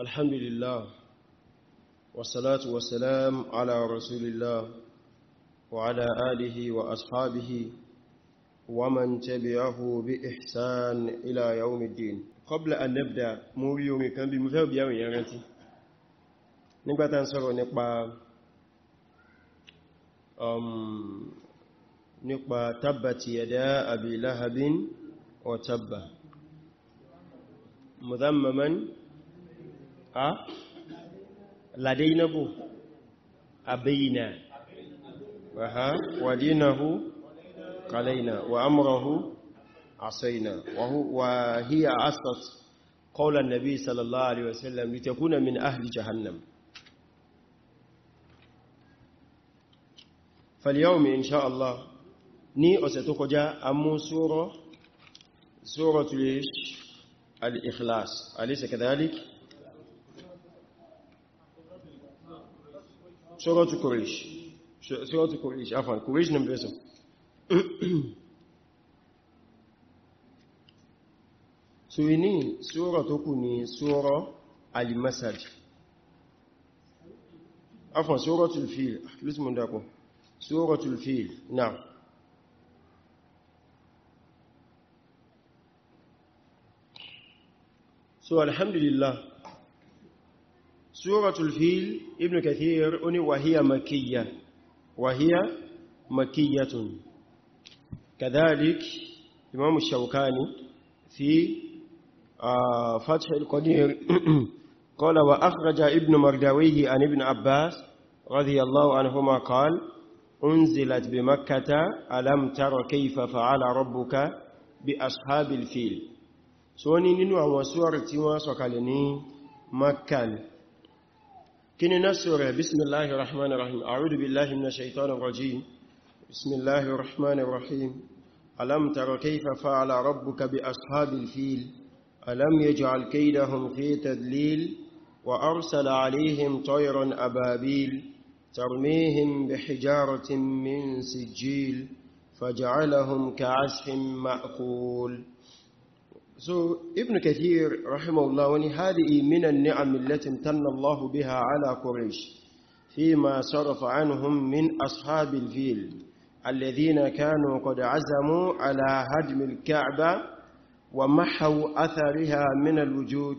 الحمد لله والصلاة والسلام على رسول الله وعلى آله وأصحابه ومن تبعه بإحسان إلى يوم الدين قبل أن نبدأ يومي كان بمفاو بيومي يغنتي نقبة نصر ونقبة نقبة تبت يدا أبي لهب وتب مذمما ها لدينه أبينا وها ودينه قلينا وأمره عصينا وهو وهي أسس قول النبي صلى الله عليه وسلم لتكون من أهل جهنم فاليوم إن شاء الله ني أستقجا أمو سورة سورة الإخلاص أليس كذلك؟ suratu Quraysh suratu Quraysh afan Quraysh ní bẹ́sọ̀ so ní sura tó kù ní sura al-Masad afan suratul Fil lùsùmùn ah, dákọ̀ suratul Fil náà so alhamdulillah سورة الفيل ابن كثير أني وهي مكية وهي مكية كذلك إمام الشوكاني في آه، فتح القدير قال وأخرج ابن مرداويه عن ابن عباس رضي الله عنهما قال أنزلت بمكة ألم تر كيف فعل ربك بأصحاب الفيل سوني ننوع وسورة وسوكالني مكة kíni násọ̀rẹ̀ bismillahir rahmanir rahim a'udhu billahi minash shaitanir rajim bismillahir rahmanir rahim alam tara kayfa fa'ala rabbuka bi ashabil fil alam yaj'al kaydahum fi tadlil wa arsala 'alayhim tayran ababil tarmihim bihijaratin min sijil faj'alahum ka'asfin ma'kul So Ibn Kathir rahimahullah wani hadihi minan ni'am allati tanna Allah biha ala Quraysh fima sarafa anhum min ashabil fil alladhina kanu qad azamu ala hadm al-Ka'bah wa mahaw athariha min al-wujud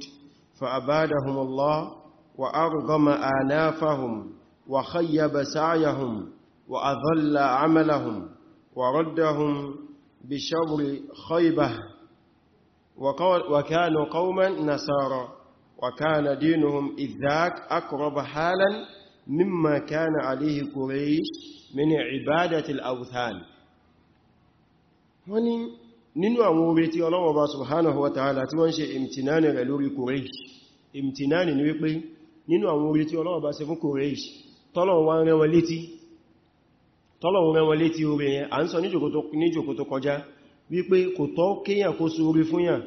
fa abadahum Allah wa arghama anafahum wa khayyaba sa'yahum wa adhalla 'amalahum wa raddahum bi shawri khaybah وكانوا قوما نصارى وكان دينهم إذ ذاك أقرب حالا مما كان عليه قريش من عبادة الأوثان wọ́n nínú àwọn orí tí ọlọ́wọ́ bá subhanahu wa ta'ala tí wọ́n ṣe imtinani rẹ̀ lórí Quraysh imtinani ni wípé nínú àwọn orí tí ọlọ́wọ́ bá ṣe fún Quraysh tọ́lọ̀wọ́n rẹ̀ wọ́n létí orí yẹn à ń sọ níjòkó tó kọjá wípé kò tọ́ kéyàn kó sórí fún yàn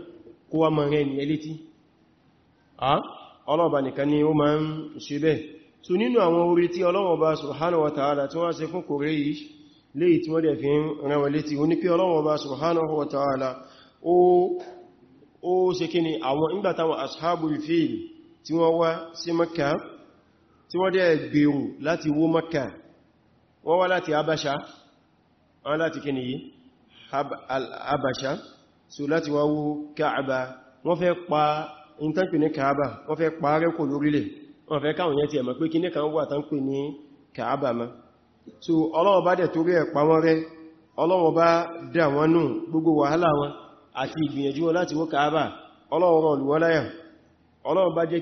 kó wá mọ̀ rẹ̀ ní ẹlétí ọlọ́ọ̀bá nìkan ni ó máa ń ṣe bẹ́ẹ̀ so nínú àwọn orí tí ọlọ́wọ̀ba subhanahu wa ta'ala tí wọ́n ṣe fún kòrè yìí léyìí tí wọ́n wa ta'ala ó ṣe kí ni àwọn ìgbàtàwọn ashabul fil tí wọ́n wá Abasha wọ́n láti kí ni yìí al-abasha so láti wá wó káàbà wọ́n fẹ́ pa ìntànkù ní káàbà wọ́n fẹ́ pa rẹ́kò lórílẹ̀ wọ́n fẹ́ káwọn yẹn ti ẹ̀mọ̀ pé kí ní kan wà tán ní káàbà ma so Ọlọ́run bá dẹ̀ torí ẹ̀ pa wọ́n rẹ́ Ọlọ́run bá dà wọ́n nù gbogbo wàhálà wọn àti ìgbìyànjú wọn láti wó káàbà Ọlọ́run rọ̀ lù wọ́n láyà Ọlọ́run bá jẹ́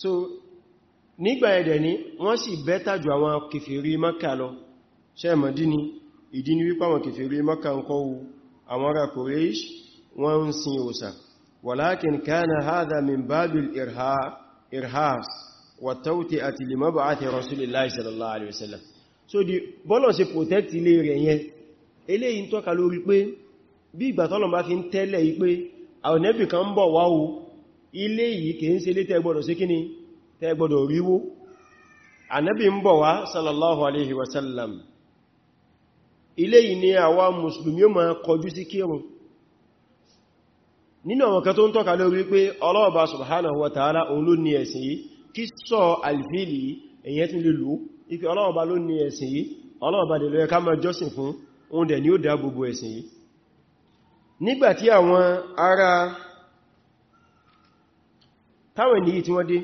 so nígbà ẹ̀dẹ̀ ni wọ́n sì bẹ́tà jù àwọn kèfèrí Mákà lọ ṣẹ́mọ̀dí ni ìdí ni wípé àwọn kèfèrí Mákà ń kọ́ àwọn ará Quraysh wọ́n ń sin òsà walakin kana hadha min babil irhas wa tawti'ati li mab'athi rasulillahi sallallahu alaihi wasallam so di bọ́lọ̀ ṣe protect ilé rẹ̀ yẹn eléyìí ń tọ́ka lórí pé bí ìgbà tọ́lọ̀ bá fi o ilé yìí kìí ṣe lé tẹ́gbọ́dọ̀ sí kíni tẹ́gbọ́dọ̀ ríwó ń bọ̀ wá sallallahu aleyhi wasallam ilé yìí ni àwa Musulmi o máa kọjú sí kírun nínú tó ń tọ́ka lórí pé ọlọ́ọ̀bá subhanahu wa ta'ala òun ló ní táwọn ènìyàn tí wọ́n dé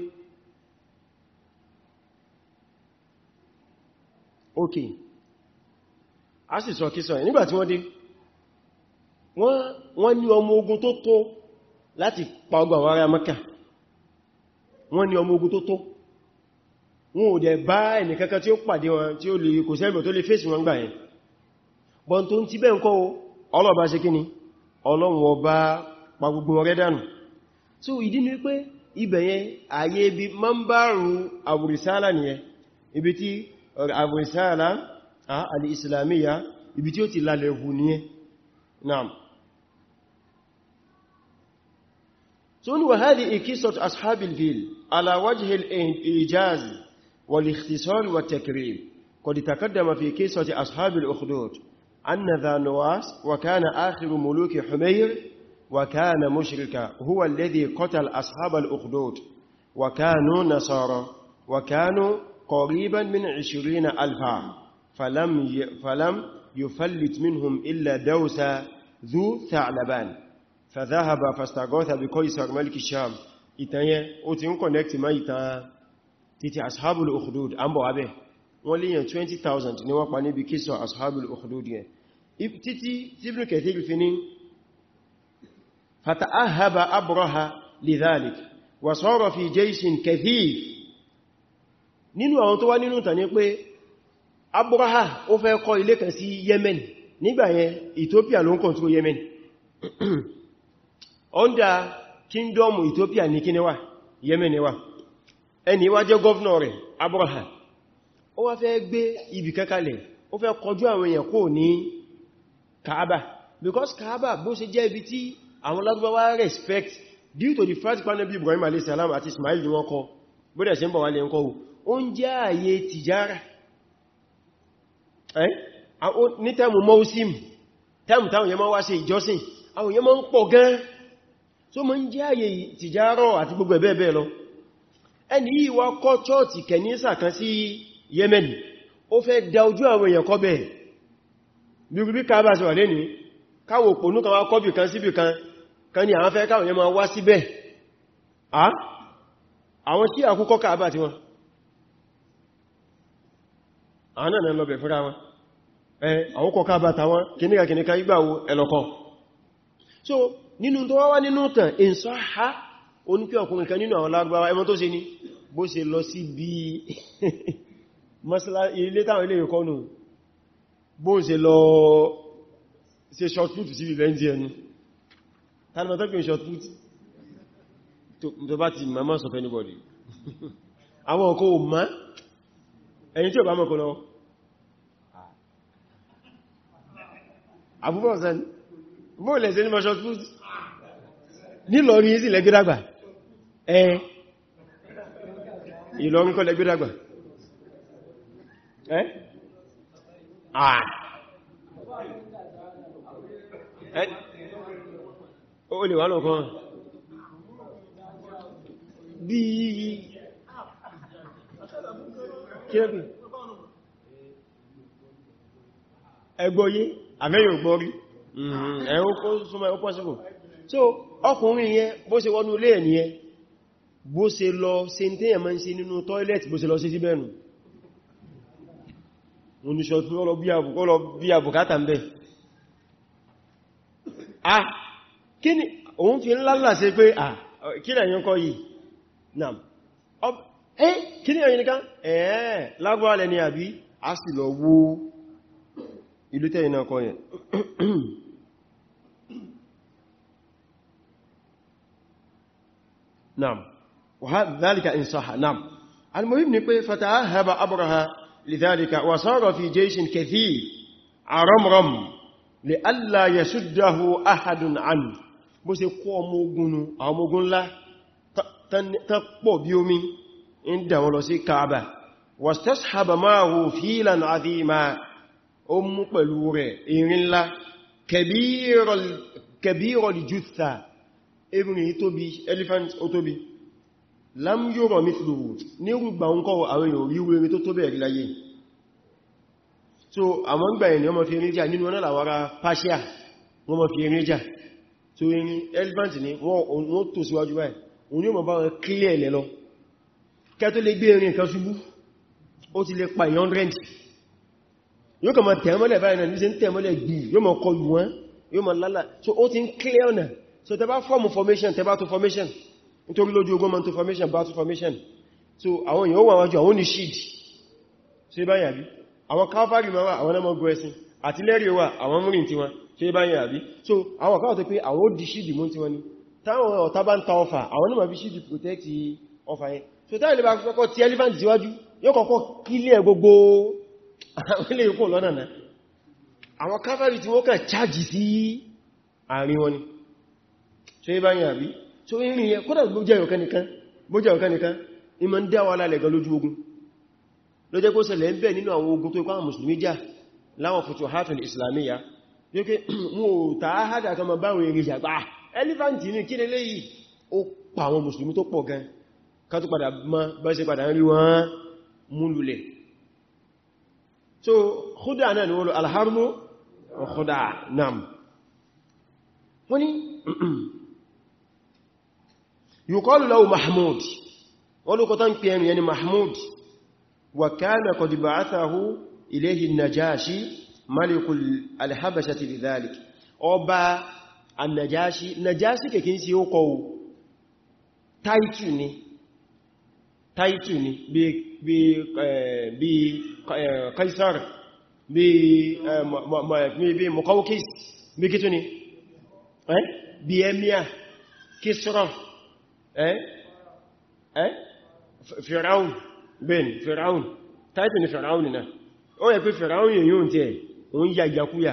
ok a sì sọ kí sọ ẹ̀ nígbàtí wọ́n dé wọ́n ní ọmọ ogun tó tó láti pa ọgbà wára maka wọ́n ní ọmọ ogun tó tó wọn ò dẹ̀ bá ẹnìkankan tí ó pàdé wọn tí ó lè kò sẹ́gbẹ̀ tó lè fèsì wọn gbà yẹn bọ́n tó ń ti bẹ́ẹ̀ kọ́ ọlọ́ọ̀bá ṣe kí ni ọlọ́run ọba pa gbogbo wọn so ìdí ni pé ibẹ̀yẹn ayé bí ma ń bá rú àwòrìsára ni ẹ ibi tí àwòrìsáàlá alìsìlámíyà ibi tí ó ti lálẹ̀ hù nìyẹn naam so ní wàhálì ikisot ashabil fil ala wajhi al-ijaz wal-ikhtisar wa takrim qad taqaddama fi qissati ashabil ukhdud anna dha wa kana akhiru muluki humayr وكان مشركا هو الذي قتل أصحاب الأخدود وكانوا نصارى وكانوا قريبا من عشرين ألفا فلم, فلم يفلت منهم إلا دوسا ذو ثعلبان فذهب فاستغاث بكويسر ملك الشام إتنية أتنين كونكت ń kọ̀nẹ́kì تتي ìtàn títí أمبو أبي an 20,000 ni wọ́n pa níbi kíso ashabul ukhdud yẹn títí فتأهب أبرهة لذلك وصار في جيش كثيف nínú ninu tó wá nínú ìtàn ni aburaha ofe ó fẹ́ kọ́ ilé Yemen nígbà Ethiopia ló ń kọ̀ntúrò Yemen under kingdom Ethiopia ní kí níwà Yemen níwà ẹni wá jẹ́ gọ́ọ̀nà rẹ̀ ó wá fẹ́ gbé ibi kankalẹ̀ ó fẹ́ kọjú àwọn èèyàn Kaaba because Kaaba bó ṣe jẹ́ ibi àwọn Lárúbáwá respect due to the fact pé Ànábì Ibrahim alayhi salam àti Ismail ni wọ́n kọ́ bó dẹ̀ ṣe ń bọ̀ wálé ǹkọ́ wò ó ń jẹ́ ààyè tìjára ní tẹ́mù mọ́sím tẹ́mù táwọn yẹmọ́ wá ṣe ìjọsìn àwọn yẹmọ́ ń pọ̀ gan so mọ́ ń jẹ́ ààyè tìjárọ̀ àti gbogbo ẹ̀bẹ́ ẹ̀bẹ́ lọ ẹni yìí wá kọ́ chọ́ọ̀tì kẹnísà kan sí Yemen ó fẹ́ da ojú àwọn èèyàn kọ́ bẹ́ẹ̀ bí káàbà sí wà lẹ́ni káwọn òpònú kan wá kọ́bì kan síbì kan kan ní àwọn fẹ́ káwọn yẹn máa wá síbẹ̀ àwọn tí àkúkọ́ káàbà tí wọn àwọn náà lọ bẹ̀ fúnra wọn àwọn kọ káàbà tàwọn kìníkà kìníkà ìgbàwó ẹlọ́kọ́ so nínú tó wá wá nínú tàn ìsọ́ ha oníkí ọkùnrin kan nínú àwọn lágbàwà ẹmọ tó ṣe ní bó ṣe lọ sí bí mọ́sálásí ilé táwọn ilé ìkọ́nù bó ṣe lọ ṣe short foot sí ìrẹ́ndì ẹnu tàbí tó pín short put tó bá ti mama sọ anybody àwọn ọkọ̀ o ma ẹni tí ó bá mọ́kọ̀ lọ àbúbọ̀ ọ̀sán bóò lẹ́sẹ̀ ní ma short put nílọrin sí lẹ́gbẹ́dàgbà ẹ ìlọrin kọ́ lẹ́gbẹ́dàgbà ẹ́ àà ó lè wà lọ́kan bí i kíẹ́bì ẹgbọ́yé àmẹ́yìn ògbọ́rí mm-hmm. ẹ̀hún kó súnmọ́ ẹ̀hún pọ́síkò so ọkùnrin yẹn bó ṣe wọnú ilé ẹ̀ nìyẹn bó ṣe lọ ṣe ń tẹ́yẹ̀ máa ń ṣe nínú tọ́ílẹ̀tì bó ṣe lọ sí sí bẹ́ẹ̀nù oníṣọ́ tún lọ bí ah kí ni òun fi ńlá sí pé à ah, kí lẹ̀ yínkọ́ yìí náà ẹ́ kí ní ẹ̀yìn nìkan ẹ̀ẹ́ lágbàá lẹ́ni àbí a sì lọ wó ìlú tẹ́yìn náà kọ́ yẹn náà wàhálàlìkà ìsáhà náà almuhim ni pé fatahaba abraha lidhalika wa sara fi jayshin kathir aramram li alla yasuddahu ahadun anhu bó ṣe kó ọmọ ogun nù àwọn ọmọ ogun ńlá tán pọ̀ bí omi ń dà wọ́n lọ sí kaaba wastashaba ma'ahu filan azima ó mú pẹ̀lú rẹ̀ erin ńlá kabirul jutha erin tóbi elephant ó tóbi lam yura mithluhu ní rúgbà ń kọ́ àwọn èèyàn ríwé tó tó so àwọn gbà ènìyàn mọ̀ fi erin jà nínú wọn láwárá Persia wọ́n mọ̀ fi erin so irin elephant ni wọ́n tó síwájú báyìí òun yóò mọ̀ bá wọn kílẹ̀ ilẹ̀ lọ kẹ́ tó lè gbé irin nǹkan ṣubú ó ti lè pa 100 yóò kọ̀ mọ̀ tẹ̀mọ́lẹ̀ báyìí náà ní sí tẹ̀mọ́lẹ̀ gbì yóò mọ̀ kọlù wọn yóò mọ̀ lálà so ó ti ń kílẹ̀ ọ̀nà so tẹ bá fọ́ọ̀mù formation tẹ bá tó formation nítorí lójú ogun mọ̀ tó formation bá tó formation so àwọn èèyàn wà wájú àwọn ní shield so ibáyàbí àwọn cavalry ma wà àwọn ọmọ gọ́ẹ̀sìn àtìlẹ́rì wà àwọn múrin tiwọn ṣe báyìí àbí so àwọn kan tó pé àwọn ó di ṣídì mú tí wọ́n ni táwọn ọ̀tá bá ń ta ọfà àwọn náà bí ṣídì protect ọfà yẹn so táwọn ilé bá kọ́kọ́ ti elephant síwájú yóò kọ́kọ́ kílẹ̀ gbogbo àwọn ilé yòókù lọ́nà náà àwọn cavalry tí wọ́n kàn charge sí àárín wọn ni so irin yẹn kódà bójẹ́ ọ̀kan nìkan bójẹ́ ọ̀kan nìkan ìmọ̀ ń dá wa lálẹ̀ gan lójú ogun ló jẹ́ kó ṣẹlẹ̀ ń bẹ̀ nínú àwọn ogun tó ikọ́ àwọn mùsùlùmí jà wípé mú ò tàá hádà kan mọ̀ báwọn èrè ìjàgbà ẹlífàntì ní kí lélé yìí ó pa àwọn mùsùlùmí tó pọ̀ gan ká padà mọ́ bá ṣe padà rí wọ́n mú so khuda náà ni wọ́n lọ alharmu khuda nam wọ́n ni yuqalu lahu mahmud wọ́n ló kọta ń pè ẹnu mahmud wa kana qad ba'athahu ilayhi najashi malikul alhabashati lidhalik ọba annajashi najashi kèkín sí ó kọ̀wò taitu ni taitu ni bí kaisar bí mokawokis bí kìtù ni bí emia kisra firaun ben firaun taitu ni firaun na ó yẹ pé firaun yìí yóò tí ẹ̀ ó ń ya ìyàkúyà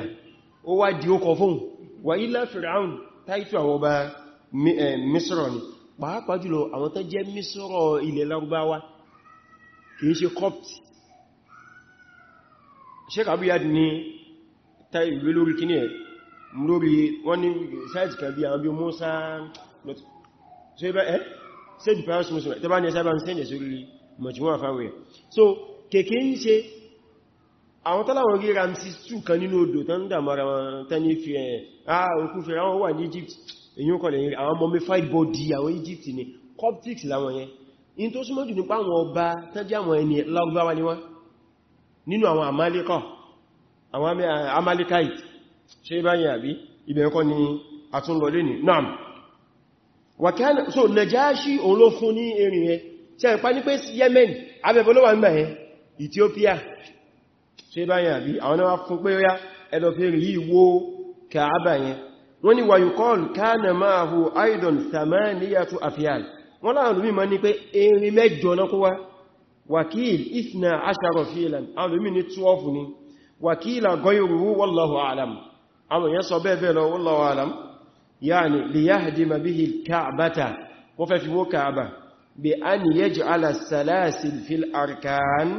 ó wá di ó kọ fún wà ilá fìràún táìtù àwọn ọba mísọ́rọ̀ eh, ni pàápàá jùlọ àwọn tó jẹ́ mísọ́rọ̀ ilẹ̀ Lárúbáwá kìí ṣe copti Sheikh Abiyad ni táìwé lórí kíní ẹ̀ lórí wọ́n ní sáìtì kàbí àwọn bí Musa ṣe dìpáyọ́sí so kèkèé àwọn tọ́láwọn rí ramsey 2 kan nínú odò tán dàmọ́ra wọn fi ẹ̀yẹn ah òkú fẹ́ àwọn wà ní Egypt èyàn kọlẹ̀ yìí àwọn mummified body àwọn Egypt ni Coptics láwọn yẹn in tó súnmọ́ jù nípa àwọn ọba tán jẹ́ àwọn ẹni ni wọ́n nínú àwọn Amalika àwọn Amalekite ṣe báyìí àbí ibẹ̀ kọ́ nam wakana so Najashi òun ló fún ní erin yẹn Yemen abẹ́bọ́ ló wà Ethiopia ṣe báyìí bí àwọn ọmọ fún pé yá ẹlọ ẹlọ́fẹ́rin rí wó kàábà yẹn wọ́n ni wàyùkọ́ọ̀lù káàna máa hù aidan samaniyatu afiyal wọ́n láàrùn mímọ̀ ní pé erin mẹ́jọ náà kó wá bi an yaj'ala salasil fil arkan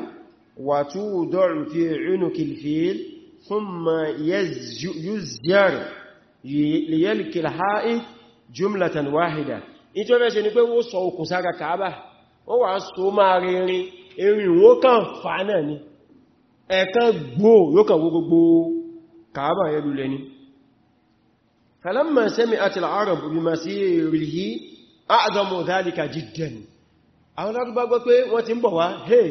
وتوضع في عنق الفيل ثم يزجر ليلقي الحائط جملة واحدة ìtí wọ́n mẹ́ṣe ni pé wó sọ okùn sára kàábà wọ́n wà so máa rinrin erin wó kàn fà náà ni ẹ̀kan gbò yóò kàn wó gbogbo kàábà yẹ lulẹ̀ ni falamma sami'at al-arab bimasirihi a'zamu dhalika jiddan àwọn lágbàgbọ́ pé wọ́n ti ń bọ̀ wá hey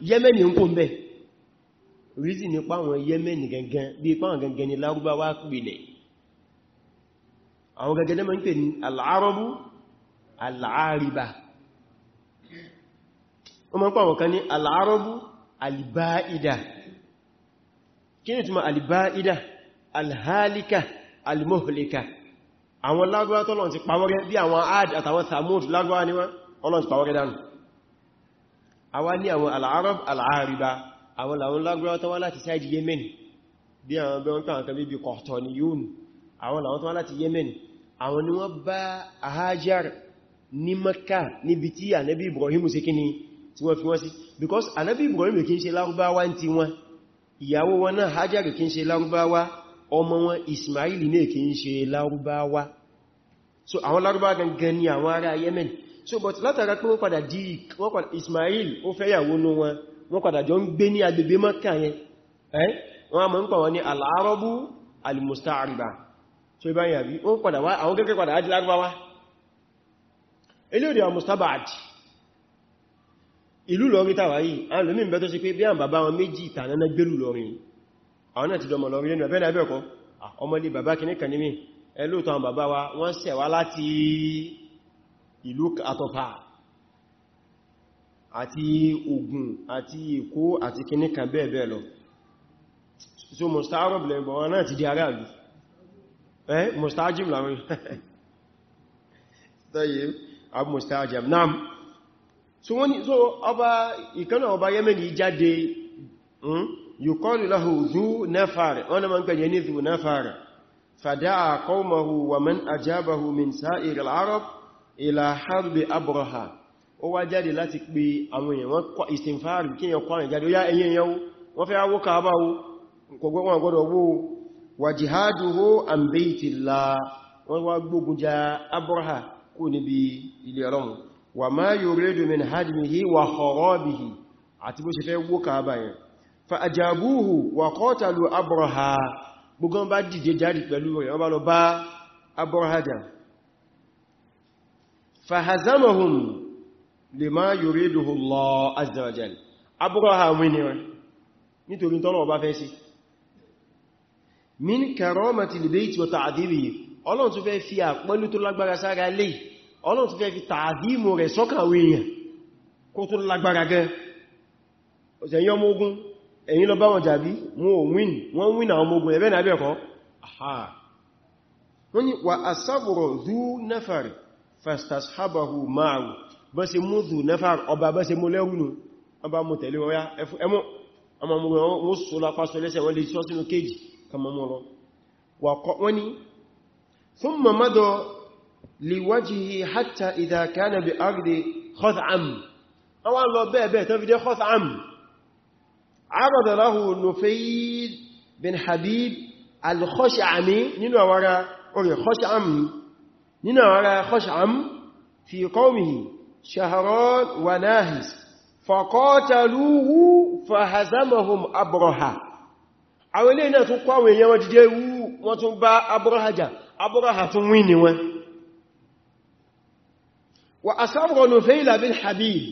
yemeni ń kó ń bẹ̀ rízì ní pàwọn yemeni gangan bí pàwọn gangan ni lárúbáwá pìlẹ̀ àwọn gangan náà ń pè ní al'arabu al'ariba wọ́n ma ń pàwọn kan ní al'arabu aliba'ida kí ni túnmọ̀ aliba'ida alhalika almohlika àwọn lárúbá tọ́lọ̀ ti pàwọ́rẹ́ bí àwọn ad àtàwọn thamud lárúbá ni wọ́n ọlọ́ ti pàwọ́rẹ́ dánù àwa ní àwọn al'arab al'ariba àwọn làwọn lágbàwọ́ tó wá láti sáàdì yemen bí àwọn bẹ́wọ́n tó àǹkan bíbi kọ̀tọ̀ ni yún àwọn làwọn tó wá láti yemen àwọn ni wọ́n bá ahajar ní makka níbi tí anabi ibrahim ṣe kíni tí wọ́n fi wọ́n sí because anabi ibrahim kí ń ṣe lárúbáwá ń ti wọn ìyàwó wọn náà hajar kí ń ṣe lárúbáwá ọmọ wọn ismail náà kí ń ṣe lárúbáwá so àwọn lárúbáwá gangan ni àwọn ará yemen so but látara pé wọ́n padà di wọ́n padà Ismail ó fẹ́ yàwó nú wọn wọ́n padà jọ ń gbé ní agbègbè Mọ́kà yẹn eh wọ́n a mọ̀ ń pa wọn ní so ibá yàbí ó padà wá àwọn gẹ́gẹ́ padà ájí lárúbáwá a lómi ń bẹ́ tó sí pé bí àwọn bàbá wọn méjì ẹlóòtọ́ ah, àwọn bàbá wa wọ́n ìlú àtọ̀fà àti Ògùn àti Èkó àti kìníkà bẹ́ẹ̀bẹ́ẹ̀ lọ so mustarab lẹ́gbọ̀ wọn náà ti di ará ìlú eh mustajim láwọn tọ́yẹ abu mustajim náà so wọ́n ni so ọba ìkanáà ọba Yemen jáde hmm, yukọ́lù láhù zú náfààrẹ̀ wọ́n na ma ń pẹ̀lẹ̀ ní zú náfààrẹ̀ fàdá qawmahu wa man ajabahu min sa'ir al-arab ìlà harbi aburaha” ó wá jáde láti pé àwọn èèyàn wọ́n kọ́ ìsìnfàárì kí èèyàn kọ́rin jáde ó yá ẹ̀yìn ẹ̀yàn wọ́n fẹ́ awó kaaba an baytillah wọ́n wá gbógun ja abúrọ̀há kú níbi ilé ọlọ́run wa wa gbogbo fahazamahum lima yuriduhu Allah azza wa ha abúrọ̀há wíní rẹ̀ nítorí tọ́nà ọba fẹ́ sí min karamati al-bayti wa ta'dhibihi ọlọ́run tún fẹ́ fi àpọ́nlú tó lágbára sára lè ọlọ́run tún fẹ́ fi ta'dhimu rẹ̀ sọ́kàwé èèyàn kó tó win fastashabahu ma'u bọ́ sí mú dù náfà ọba bọ́ sí mú lẹ́rùnù ọba mú tẹ̀lé ọya ẹmọ́ ọmọ mú wọ́n sọ lápá sọ lẹ́sẹ̀ wọ́n lè sọ sínú kéjì kama mú lọ wọ́n ni thumma mada liwajhihi hatta idha kana bi ardi khaz'am àwọn lọ bẹ́ẹ̀bẹ́ tó fi dé khaz'am arada lahu nufayd bin habib al-khash'ami nínú àwárá orí khash'ami nínú ara Khash'am fi qawmihi Shahran wa Nahis faqataluhu fahazamahum Abraha àwọn ilé náà tún kó àwọn èèyàn wọn dìde wú wọ́n tún bá Abraha jà Abraha tún wí ni wọn wa asabra Nufayla bin Habib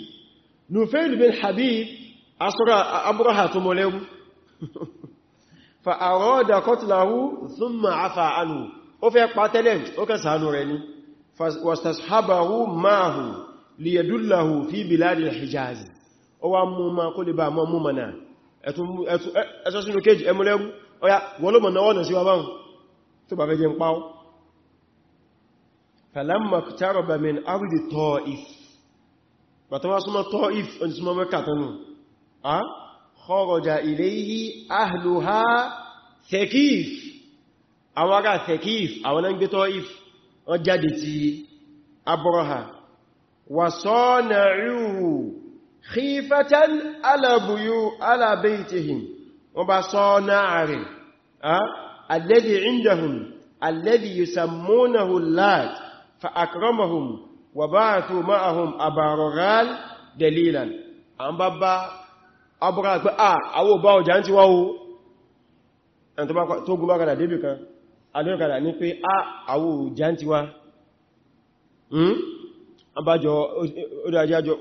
Nufayl bin Habib asra Abraha tún mọ́lẹ́wú fa arada qatlahu thumma afa anhu ó fẹ́ pa tẹ́lẹ̀ ó kẹ́ ṣàánú rẹ̀ ní wastashabahu ma'ahu liyadullahu fi biladil hijaz ó wá mú ma kó lè bá mọ́ mú mana ẹ̀tọ́ sínú kéjì ẹmúlẹ́rú ọya wọlọ́mọ̀ náwọ́ nà sí wa báhùn tó bá fẹ́ jẹ ń pàó falamma qtaraba min ardi àwọn ará Thaqif àwọn náà ń gbé Taif wọ́n jáde ti Abraha wà sọ́nà ríru khifatan alabuyu ala baytihim wọ́n bá sọ́nà rẹ̀ alladhi indahum alladhi yusammunahu Lat fa akramahum wa ba'athu ma'ahum abaragal dalilan an bá bá Abraha pé à àwọ̀ bá ọjà ń ti wáwó ẹni tó gúnbára débì kan adọ́kàdà ní pé ah, hmm? a àwò jàǹtíwá abájọ odájájọ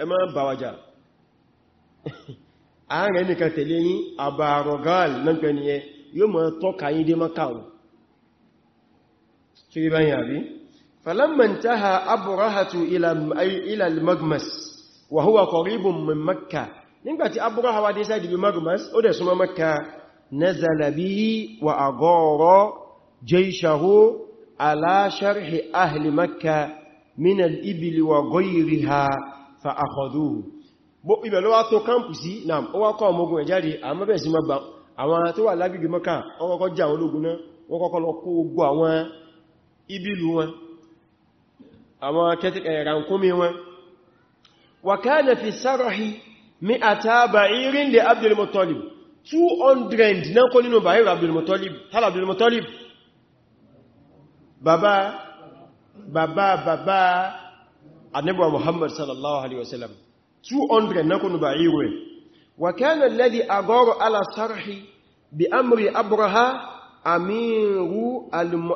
ẹ má bàwàjà ààrẹ nìkan tẹ̀lé yí àbàrọ̀gáàl mẹ́pẹ̀ nìyẹ yóò mọ̀ tọ́ka yí dé mọ́kàwọ̀ tí bá yà rí falammantaha aburahatu ila al-magmas wa huwa qaribun min makka nígbàtí abúráhà wá dé sáàdì bí magmas ó dẹ̀ súnmọ́ makka nazala bihi wa agọ́rọ̀ جيشه على شرح أهل مكة من الإبل وغيرها فأخذوه bó ibẹ̀ ló wá tó kámpù sí náà ó wá kọ́ ọmọ ogun ẹ̀jáde àmọ́ bẹ̀rẹ̀ sí ma gbà àwọn tó wà lágbègbè Mẹ́kà wọ́n kọ́kọ́ jà àwọn ológun náà wọ́n kọ́kọ́ lọ kó ogbó àwọn ibìlú wọn àwọn kẹtìkẹ̀ẹ̀rànkúnmí wọn wa kana fi sarahi mi'ata ba'irin li Abdul Muttalib 200 náà kó nínú bàírí Abdul Muttalib bàbá bàbá bàbá annabawa muhammad sallallahu alaihi wasallam 200 na kunu ba iwe wa kana alladhi agoro ala sarhi bi amri abraha amiru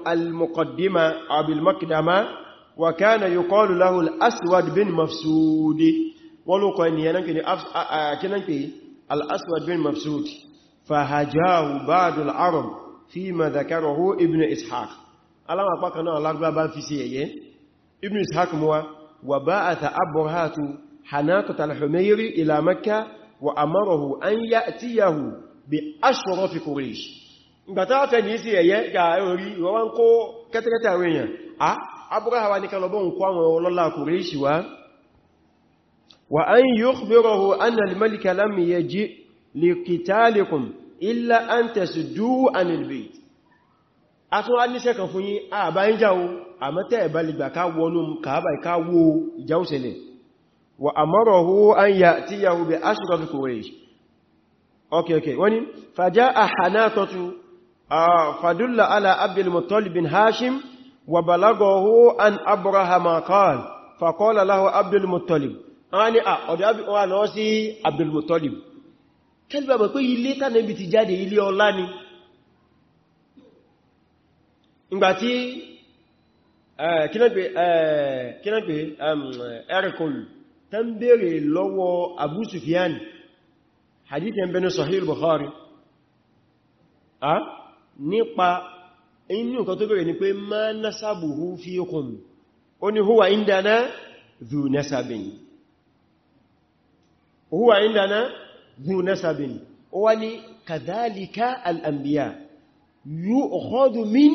al-muqaddima abil maqdama wa kana yuqalu lahu al-aswad bin mafsud wọ́n kọ ènìyàn náà kìí kínan pé al fi ma ibn ishaq aláwọn apákan náà lágbà bá fi ṣe ẹ̀yẹ́ ibn ishaq muwa wa bá a ta aburhatu hanatata al-humayri ila makka wa amarahu an ya'tiyahu bi ashrafi quraish ngbàtà fẹ́ ní illa an tasuddu anil bayt a tún wá níṣẹ́ kan fún yín àbá ń jáwó àmọ́tẹ́ ẹ̀bá lè gbà ká wọnú kàábà ká wó ìjáúsẹ̀lẹ̀ wà àmọ́rọ̀ hó an tí yàwó bẹ aṣùgbàfi wani fàjá àhànà tọ́tù fàdúlà ala abdul muttalib bin hashim wà balagọ̀ hó an abrahama kan fàkọ́lá láhọ abdul muttalib ani a ọ̀dọ̀ abi wọn lọ sí abdul muttalib kẹlbà mọ̀ pé ilé tánàbì ti jáde ilé ọlá ni ìgbàtí eh, kínàgbé ericol tó ń eh, um, bèèrè lọ́wọ́ Abu Sufyan hadith yẹn bẹnu Sahih Bukhari nípa inú nǹkan tó bèèrè ní pé ma nasabuhu fiikum ó ní huwa indana dhu nasabin huwa indana dhu nasabin ó wá ní kadhalika al-anbiya yu'khadhu min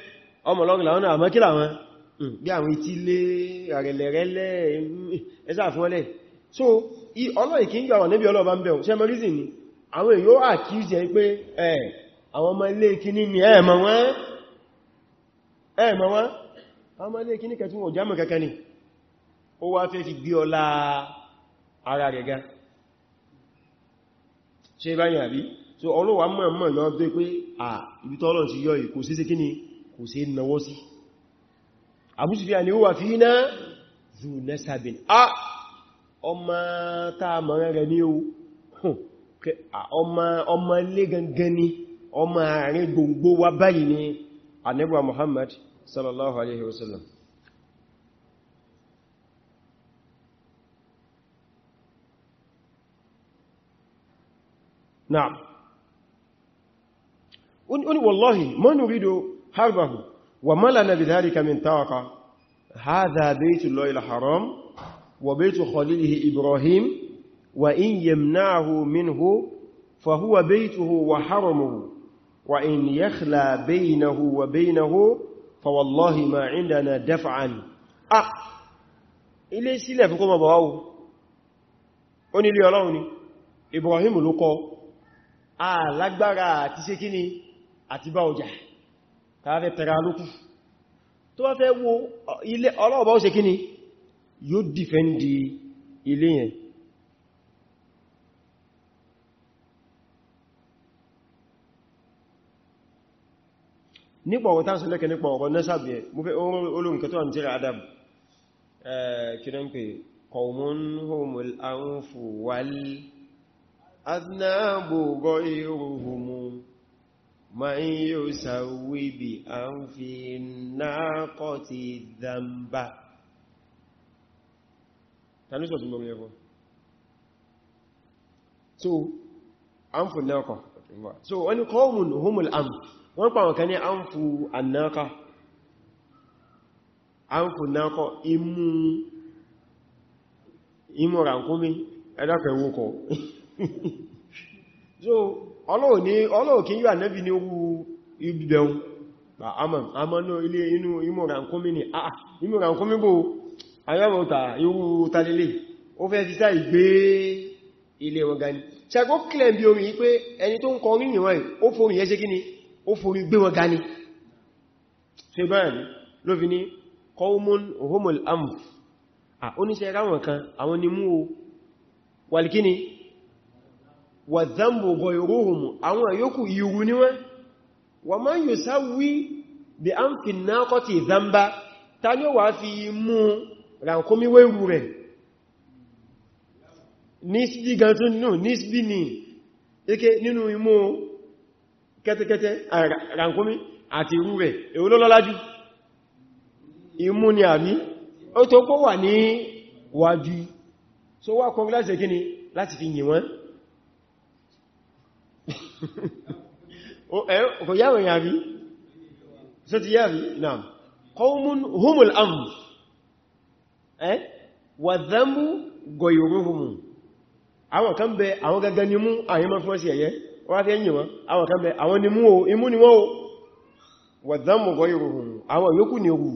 ọmọ lọ́rin làwọn náà àmọ́kí làwọn hmm, bí àwọn etí lé rẹ̀lẹ̀rẹ̀lẹ̀ hmm, fún ọlẹ̀ so ọlọ́rin kí ń gbà wọ̀n ọlọ́ọ̀bá ń bẹ̀rù sẹ́mọ̀ reason ni àwọn èyí ó àkíyèsí ẹ pé ẹ àwọn ọmọ ilé kíní ni ẹ̀mọ̀ wọn ẹ̀mọ̀ wọn àwọn kò sí náwó sí Abu Sufyan ni ó wà fi náà zu nasabin a ọmọ táa mọ̀rán rẹ̀ ní ọmọ ilé gangan ọmọ àárín gbogbo wa báyìí ni anẹ́gbà Muhammad sallallahu alaihi wasallam na. ó ní wallahi ma nuridu حربه وملنا بذلك من طاقة هذا بيت الله الحرام وبيت خليله إبراهيم وإن يمنعه منه فهو بيته وحرمه وإن يخلى بينه وبينه فوالله ما عندنا دفعا أه ilé sílẹ̀ fún kó mọ̀ bọ̀wọ́ ó ní ilé ọlọ́run ni Ibrahim ló kọ́ alágbára àti ṣe kíni àti bá ọjà tààfẹ́ tẹ̀rà lókù tó wá fẹ́ wo ilé ọlọ́ọ̀bá ó ṣe kí ni yóò dìfẹ́ndì ilé yẹn nípa ọ̀rọ̀ tánṣe nípa ọ̀rọ̀ nẹ́sàbí mú fẹ́ olóòrùn kẹtọ́ àmì tíra adam ما إن يسوي بأنف الناقة ذنبا tàbí sọ̀tún gbogbo ẹ̀fọ́ so anfu náàkọ̀ so wọ́n ni qawmun humul am wọ́n pàwọn kan ní anfu annáka anfu náàkọ̀ imú imú ràkúnmí ẹ̀dàkọ̀ ẹ̀wọ́kọ̀ so ọlọ́ọ̀kí yíò ànẹ́bì ní orú ibìdẹun àmọ́nà ilé inú ìmọ̀rànkúnmí ni àà ah, ìmọ̀rànkúnmí ah, bò ayọ́mọ̀ta irú talilé ó fẹ́ títà ìgbé ilé wọn gani ṣàgbó kílẹ̀ bí orin pé ẹni tó ń kọ orin ìwọ̀n ó ni ó forin gbé wọn gani ṣe báyìí ló fi ní qawmun humul amr oníṣẹ́ ráwọn kan àwọn ni wà zambo gọ̀ìrúhùmù àwọn àyókù ìrù ni wọ́n wà máa yóò sáwí bí a ń fi náàkọ́ ti zamba ta ní wà fi mú rànkómíwé ìrù rẹ̀ nísbí gantun nù nísbí ní ike nínú imú kẹ́tẹ́kẹ́tẹ́ rànkómí àti ìrù rẹ̀ èwo imú ni àmì ó tó kó wà ní wájú so wá kọ́ láti ẹ̀kíni láti fi yìn kò yáwò yà rí ṣe ti yà rí náà qawmun humul amr ẹ́ wà dánmú gọ̀yòrúhùmù àwọn kan bẹ àwọn gaga ni mú àyímọ́ fún ọsí ẹ̀yẹ wọ́n fẹ́ yìn wọn àwọn kan bẹ àwọn ni mú o imú ni wọ́n o wà dánmú gọ̀yòrúhùmù àwọn ni hù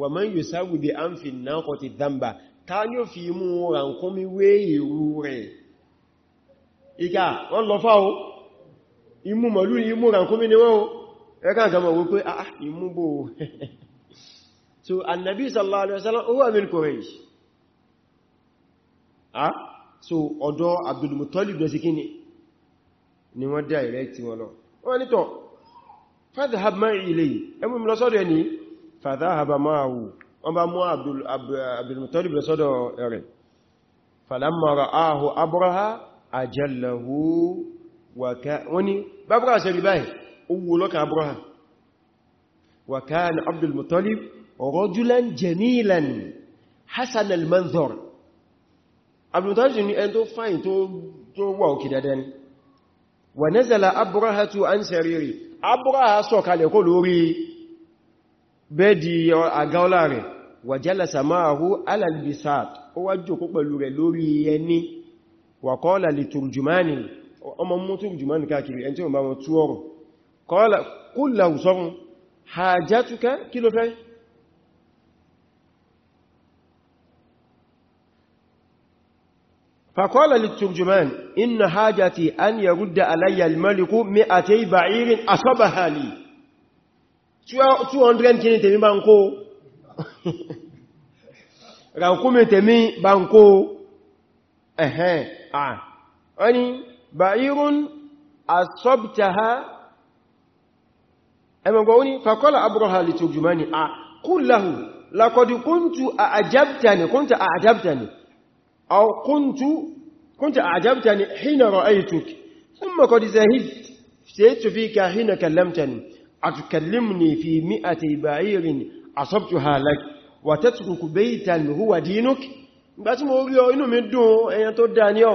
wà mọ́ yóò sáwù bí án fi náà kọ ti dánbà imú màlúù imú ràkúnmí ni wọ́n ẹ̀kà gama wó pé ah, ah imú bò so annabi sallallahu alaihi wasallam huwa min Quraysh ah so ọ̀dọ̀ Abdul Muttalib lọ sí kí ni wọ́n direct wọn lọ wọ́n ní tọ́ fadhhab ma'i ilayhi ẹmú mi lọ sọ́dọ̀ ẹni fadhhaba ma'ahu wọ́n bá mú Abdul Muttalib lọ sọ́dọ̀ rẹ̀ falamma ra'ahu Abraha ajallahu bábúrà ṣe rí báyìí ó wó lọ́kàn abraham wa kana abdul muttalib rajulan jamilan hasan al-manzor abdul muttalib ni ẹni tó fáyìn tó wà òkè dáadáa ni wa nazala abrahatu an sariri abraha sọ̀kalẹ̀ kó lórí bẹ́ẹ̀dì àga ọlá rẹ̀ wa jalasa ọmọ mú tó jùmọ́ ní káàkiri ẹni tí wọ́n bá wọn tú ọ̀rọ̀ kọ́lá kúlà sọ́run hajjátúká kí ló fẹ́ fàkọ́lá lè turjuman inna hajjati an yarudda alayya almaliku mi'atay ba'irin asabaha li 200 kini tèmi bá ń kó ràkúmi tèmi bá ń kó ẹ̀hẹ́ à ni ba'irun asọ́btaha ẹmọ̀gbọ̀ wọ́n ni fàkọ́lá abúrọ̀há lè tó jùmọ́ ni a kúláhù lakọ̀dù kúntù a àjábtani kúntù a àjábtani a kúntù kúntù a àjábtani hìnà rọ̀ ayitukì ثم قد زهدت سيت فيك حين كلمتني أتكلمني في مئة بعير أصبتها لك وتترك بيتا هو دينك بس موريو إنو مدو أن تدانيو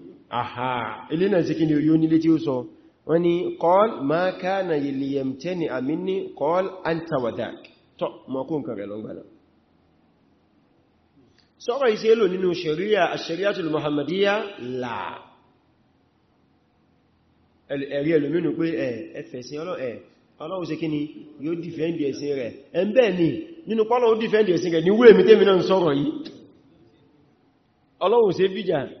aha ilé náà sí kí ni yóò nílé tí ó sọ wọ́n ni kọ́l ma kana liyamtani minni kọ́l anta wa dak tọ́ mọ́kún nǹkan rẹ̀ lọ́gbàdà sọ́rọ̀ isi lò nínú sharia ashariatul muhammadiyya la ẹ̀rí pé sí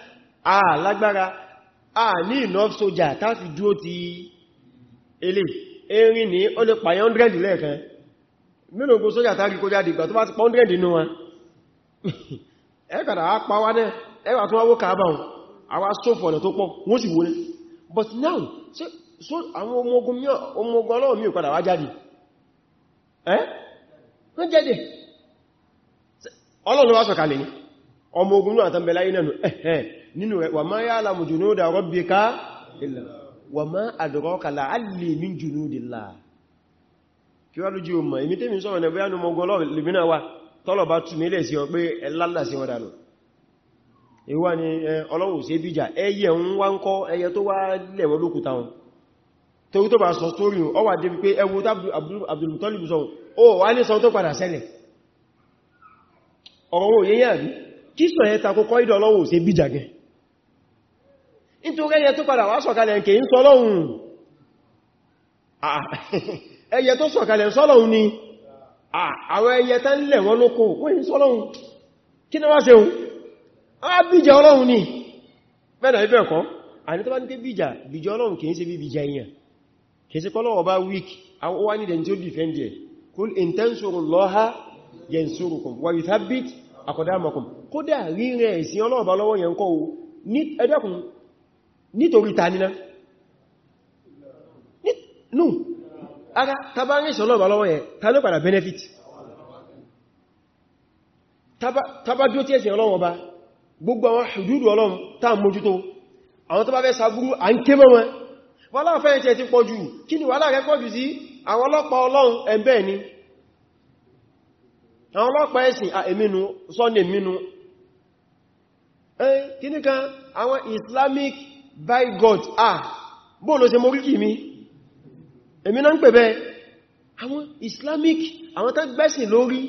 a lágbára a ní enough soldier táti dúó ti ilé erin ní o lè pàyẹ 100 lẹ́ẹ̀kan mẹ́lògbò soldier tàbí kó jáde ìgbà tó bá ti pa 100 nínú wọn ẹ́kàdà apá náà ẹwà tó wáwó àwá ọ̀nà tó wọ́n sì but now so wọ́n ọmọ ogun náà nínú rẹ̀ wà máa ya'lamu junuda rabbika illa wà máa adraka la'alli min junudillah kí wá lójú ọmọ èmi tẹ́mi sọ́rọ̀ nẹ̀ bóyá nùmọ̀ gọlọ́ lèmínà wa tọ́lọ̀ bá tún mílẹ̀ sí ọ pé ẹlálà sí ọ̀dà lọ ìwà ni ọlọ́wọ̀ sí bíjà ẹyẹ ń wá ń kọ́ ẹyẹ tó wá lẹ̀wọ́ lókúta wọn torí tó bá sọ sórí ọ wà débi pé ẹwọ Abdul Muttalib sọ ó wà ní sọ tó padà ṣẹlẹ̀ ọ̀rọ̀ nítorí ẹyẹ tó padà wá sọ̀kalẹ̀ kì í sọ́lọ́hun ẹyẹ tó sọ̀kalẹ̀ sọ́lọ́hun ni àwọn ẹyẹ tán lẹ̀ lókò wọ́n sọ́lọ́hun kí ni wá ṣe a bíjà ọlọ́hun ni mẹ́nà ibẹ̀ ẹ̀kọ́ àní tó bá ní pé bíjà bíjà ọlọ́hun kì í bí bíjà èèyàn kì í ṣe bá wík àwọn in ìsìn ọlọ́ọ̀bá nítorí ta níná no ara tàbá ń ṣe ọlọ́ọ̀bá lọ́wọ́ yẹn ta ló padà benefit tàbá bí ó tí ẹ̀sìn ọlọ́wọ́ bá gbogbo àwọn ṣùdúdù ọlọ́run tá mójútó àwọn tó bá fẹ́ sàbúrú à ń ké mọ́ wọn wọ́n láàfẹ́ ẹ̀ṣẹ̀ ti pọ̀jù kí ni wà láàrẹ pọ̀jù sí àwọn ọlọ́pàá ọlọ́run ẹ̀bẹ́ ni àwọn ọlọ́pàá ẹ̀sìn àẹ̀mínú sunday islamic by God ah bóòlò ṣe moríkì mi èmi náà ń pè bẹ́ àwọn Islamic àwọn tán gbẹ́sìn lórí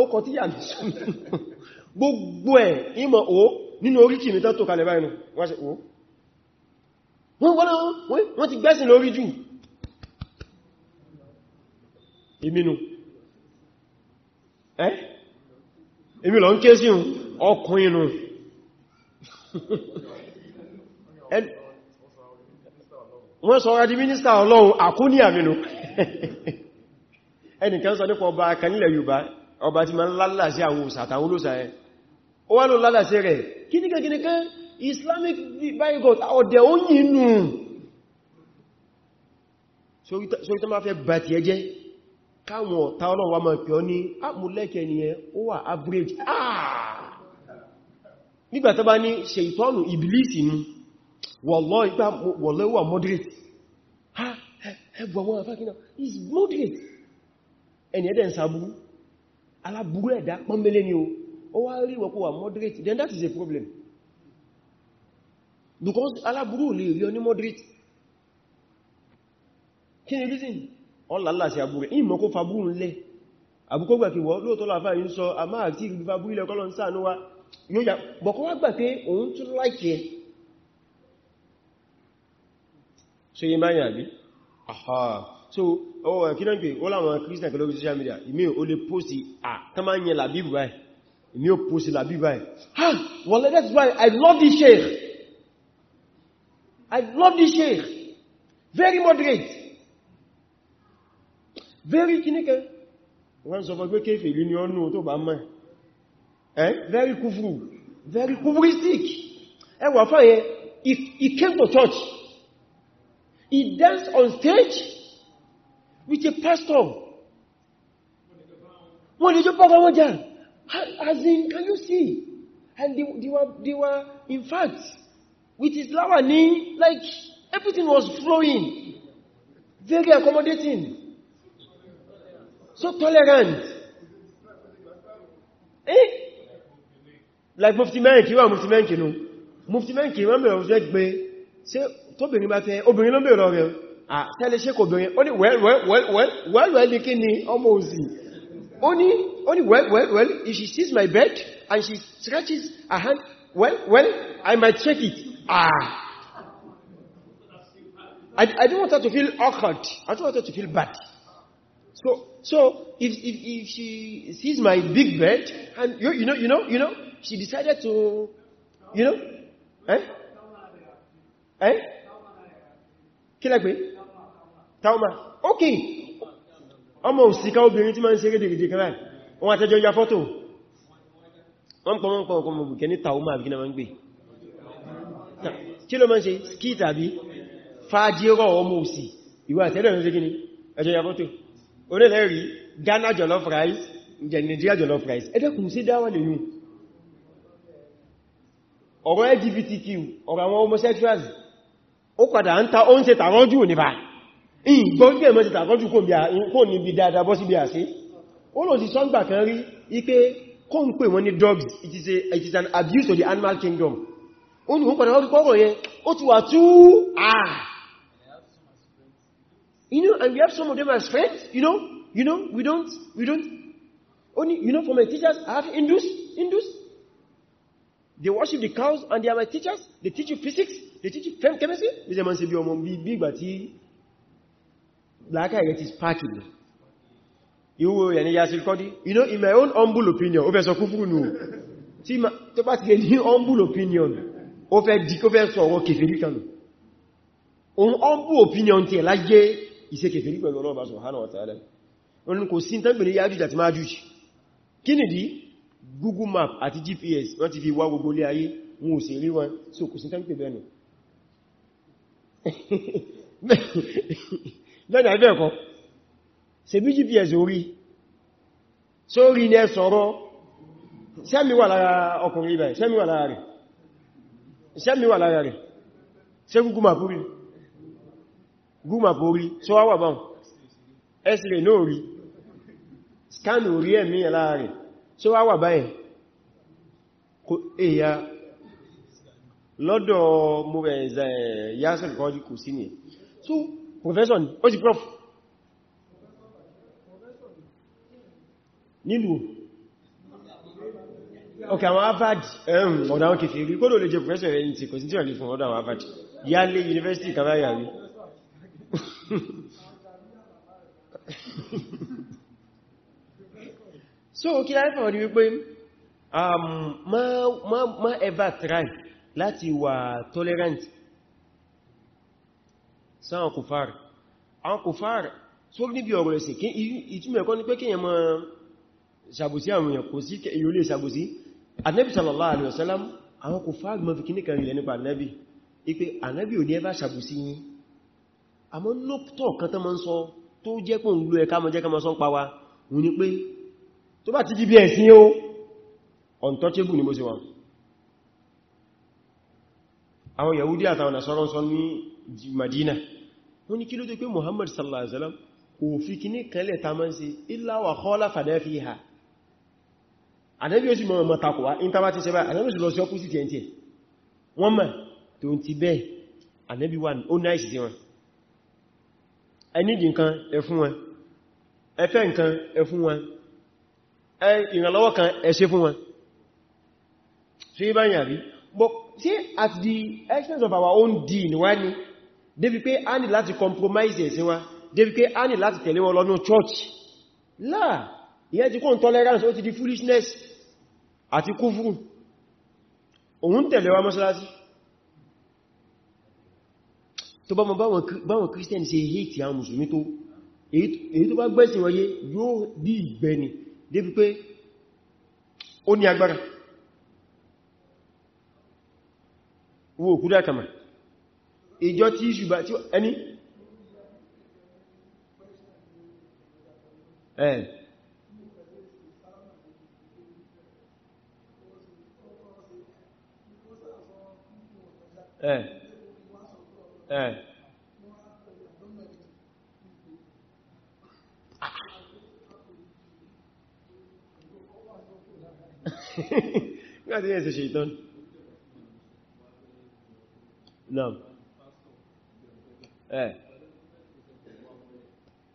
ọkọ̀ ah, tí yà ní sùn gbogbo ẹ̀ ìmọ̀ o nínú oríkì mi tán tó kalẹ̀ báyìí wọ́n ṣe o wọ́n ti gbẹ́sìn lórí jù ìminu ẹ́ èmi lọ ń ké sí ọkùnrin nù wọ́n sọ ọ̀rọ̀ di mínísítà ọlọ́run àkúní àmìnú ẹnìkan sọ nípa ọba kanílẹ̀ Yorùbá ọba tí ma ń lálà sí àwọn òsàtàwọn olóòsà ẹ ó wá ló lálà sí rẹ̀ kíníkan Islamic bigot ọ̀dẹ̀ ó yìí nù sórí tó máa fẹ́ bà tí ẹ jẹ́ káwọn ọ̀tá ọlọ́run wa máa ah, ah nígbà tó bá ní ṣe wọ̀lọ́ ìgbà wọ̀lọ́ wà moderate ha ẹgbọ̀ wọn afẹ́kínà is moderate ẹni ẹ̀dẹ̀ ń sàbúrú alábúrú ẹ̀dá pọ́nbélé ni o ó wá rí wọ́pọ̀ wà moderate then that is a problem because alábúrú lè rí ọ ní moderate kí ni reason ọlàlá sí abúrú ìmọ̀ kó fabúrú lẹ́ àbúkó gbà kí wọ́n lóòtọ́ láàfáà yìí ń sọ àmáà tí ìrìbí fabúrú ilẹ̀ kọ́lọ̀ ń sáà ní wá yóò yà bọ̀kọ́ wá pé òun tún láìkẹ́ so yí báyìí àbí aha so ọwọ́ kí náà pé ó láwọn Christian kẹlọ́gbé social media ìmí o lè post à tán máa ń yẹ làbíbù báyìí ìmí o post làbíbù báyìí ha well that's why I love this sheikh I love this sheikh very moderate very kíníkẹ́ wọ́n sọ fún pé kéfèé ní ọ́nà tó bá mọ́ eh very kúfùrù very kúfùrìstic ẹwà fáyẹ he came to church He danced on stage with a pastor. What did you put on there? As in, can you see? And they, they, were, they were, in fact, with his lower knee, like everything was flowing. Very accommodating. So tolerant. Eh? Like Mufti Menki, you are Mufti Menki, know. Mufti Menki, remember, I was like, say, tóbìnrin bá fẹ́ obìnrin ló bèèrè rẹ̀ àtẹ́lẹ̀ ah. ah, ṣe kò bèèrè ó ní wẹ́lwẹ́lwẹ́lwẹ́l ní kí ni ọmọ òsì ó ní wẹ́lwẹ́lwẹ́l if she sees my bed and she stretches her hand well well I might check it ah I, I don't want her to feel awkward I don't want her to feel bad so so if if if she sees my big bed and you, you know you know you know she decided to you know eh eh kí lẹ́pẹ́ tauma ok ọmọ òsìká obìnrin tí ma ń ṣe rédè rédè kan láì wọ́n àtẹ́jọ ya fọ́tò wọ́n pọ̀ wọ́n pọ̀ ọkọ̀ mọ̀ bùkẹ́ ní tauma àbí náà ń gbé kí ló ma ń ṣe skí tàbí fàájírọ̀ ọmọ òsì ìwà àtẹ́jọ ń ṣe gíní ẹjọ ya fọ́tò onílẹ̀rí Ghana jollof rice jẹ Nigeria jollof rice ẹdẹ́kùn sí dáwà lè yùn ọ̀rọ̀ LGBTQ ọ̀rọ̀ àwọn homosexuals ó padà ń ta oúnjẹ tàrọ́jù ní bá ìgbọ́gbẹ̀ mọ́ sí tàrọ́jù kò ní bí dáadáa bọ́ sí bí àṣí ó lò sí sọ́gbà kan rí ipé kó ń pè wọ́n ní dogs it is, a, it is an abuse of the animal kingdom ó ní wọ́n padà wọ́n kọ́rọ̀ yẹn ó ti wà tú ah you know and we have some of them as friends you know you know we don't we don't only you know for my teachers I have Hindus Hindus they worship the cows and they are my teachers they teach you physics they teach you chemistry bí ṣe ma ṣe bí ọmọ bí ìgbà tí láàkà ẹ̀rẹ́ ti sparkle ìwò rẹ̀ ní yasir kọ́dí you know in my own humble opinion ó fẹ́ sọ kúfúrú nù tí tó bá ti lè ní humble opinion ó fẹ́ dí kó fẹ́ sọ ọ̀rọ̀ kèfèrí kanù ohun humble opinion tí ẹ̀ láyé iṣẹ́ kèfèrí pẹ̀lú ọlọ́ọ̀bá subhanahu wa ta'ala google map àti gps wọ́n ti fi wá gbogbo ilé ayé wọn ò sì rí wọn so kò sí tẹ́ǹpẹ̀ bẹ́ẹ̀nù lẹ́nà ẹgbẹ́ ẹ̀kọ́ ṣe bí gps orí so rí ní ẹ̀sọ̀rọ̀ sẹ́mi wà lára ọkùnrin ibẹ̀ sẹ́mi wà lára rẹ̀ sẹ́mi wà google map orí google map orí so wá wà báhùn ẹ̀sìrẹ̀ náà scan orí ẹ̀mí ẹ̀ lára so wá wà báyìí kò èyà eh, lọ́dọ̀ mo rẹ̀ ìzẹ̀ eh, yásẹ̀ kọjú kò sí ní so professor ó ti prof nílùú ok àwọn harvard ehm, ọ̀dọ̀ àwọn kèfèé rí kódò lè jẹ professor rẹ̀ ti kò sí tí wà lè fún ọ̀dọ̀ àwọn harvard Yale university kàbáyà so kí láìfẹ́ wọ́n ni wípé ma um, ever try láti wà tolerant sáwọn kòfàr àwọn kòfàr tó níbi ọ̀rọ̀ ẹ̀sìn kí ìtumọ̀ ẹ̀kọ́ ní pé kí èyàn mọ́ ṣàbòsí àwọn èèyàn kò sí èyàn lè ṣàbòsí Ànábì sallallahu alaihi wasallam àwọn kòfàr mọ́ fi kí níkan ilẹ̀ nípa Ànábì ipé Ànábì ò ní ẹbá ṣàbòsí yín àmọ́ nóptọ̀ kan tán mọ́ ń sọ tó jẹ́ pọ̀ ń lo ẹ̀ká mọ́ jẹ́ ká mọ́ sọ ń pa wa wọ́n ni pé tó bá ti jí bí ẹ̀sìn ó untouchable ni bó ṣe wọn àwọn yahudi àtàwọn nasọ́rọ̀ sọ ní madina wọ́n ní kí ló tó pé muhammad sallallahu alaihi wasallam kò fi kíní illa wa khalafa fiha ànábì ó sì mọ́ mọ́ takowa in ta bá ti ṣe bá ànábì sì lọ sí ọkùsì tiẹ̀ tiẹ̀ wọ́n mọ̀ ẹni dì nǹkan ẹ wọn ẹfẹ́ nǹkan ẹ wọn ìrànlọ́wọ́ kan ẹ ṣe fún wọn ṣe bá ń yàrí but see at the expense of our own deen wá ní débi pé a ní láti compromise ẹ̀sìn wa débi pé a ní láti tẹ̀lé wọn lọ́nà church láà ìyẹn ti kó tolerance ó ti di foolishness àti kúfùrù òun tẹ̀lé wa mọ́sálásí tó bá mọ báwọn Christian ṣe hate àwọn Mùsùlùmí tó èyí tó bá gbẹ́sìn wọ́yé yóò bí ìgbẹ́ni débi pé ó ní agbára wo òkú dákàmà ìjọ tí ṣùgbà tí ẹni ẹ̀ ẹ̀ ẹ̀ nígbàtí yẹ́ ṣe ṣe ìtàn náà ẹ̀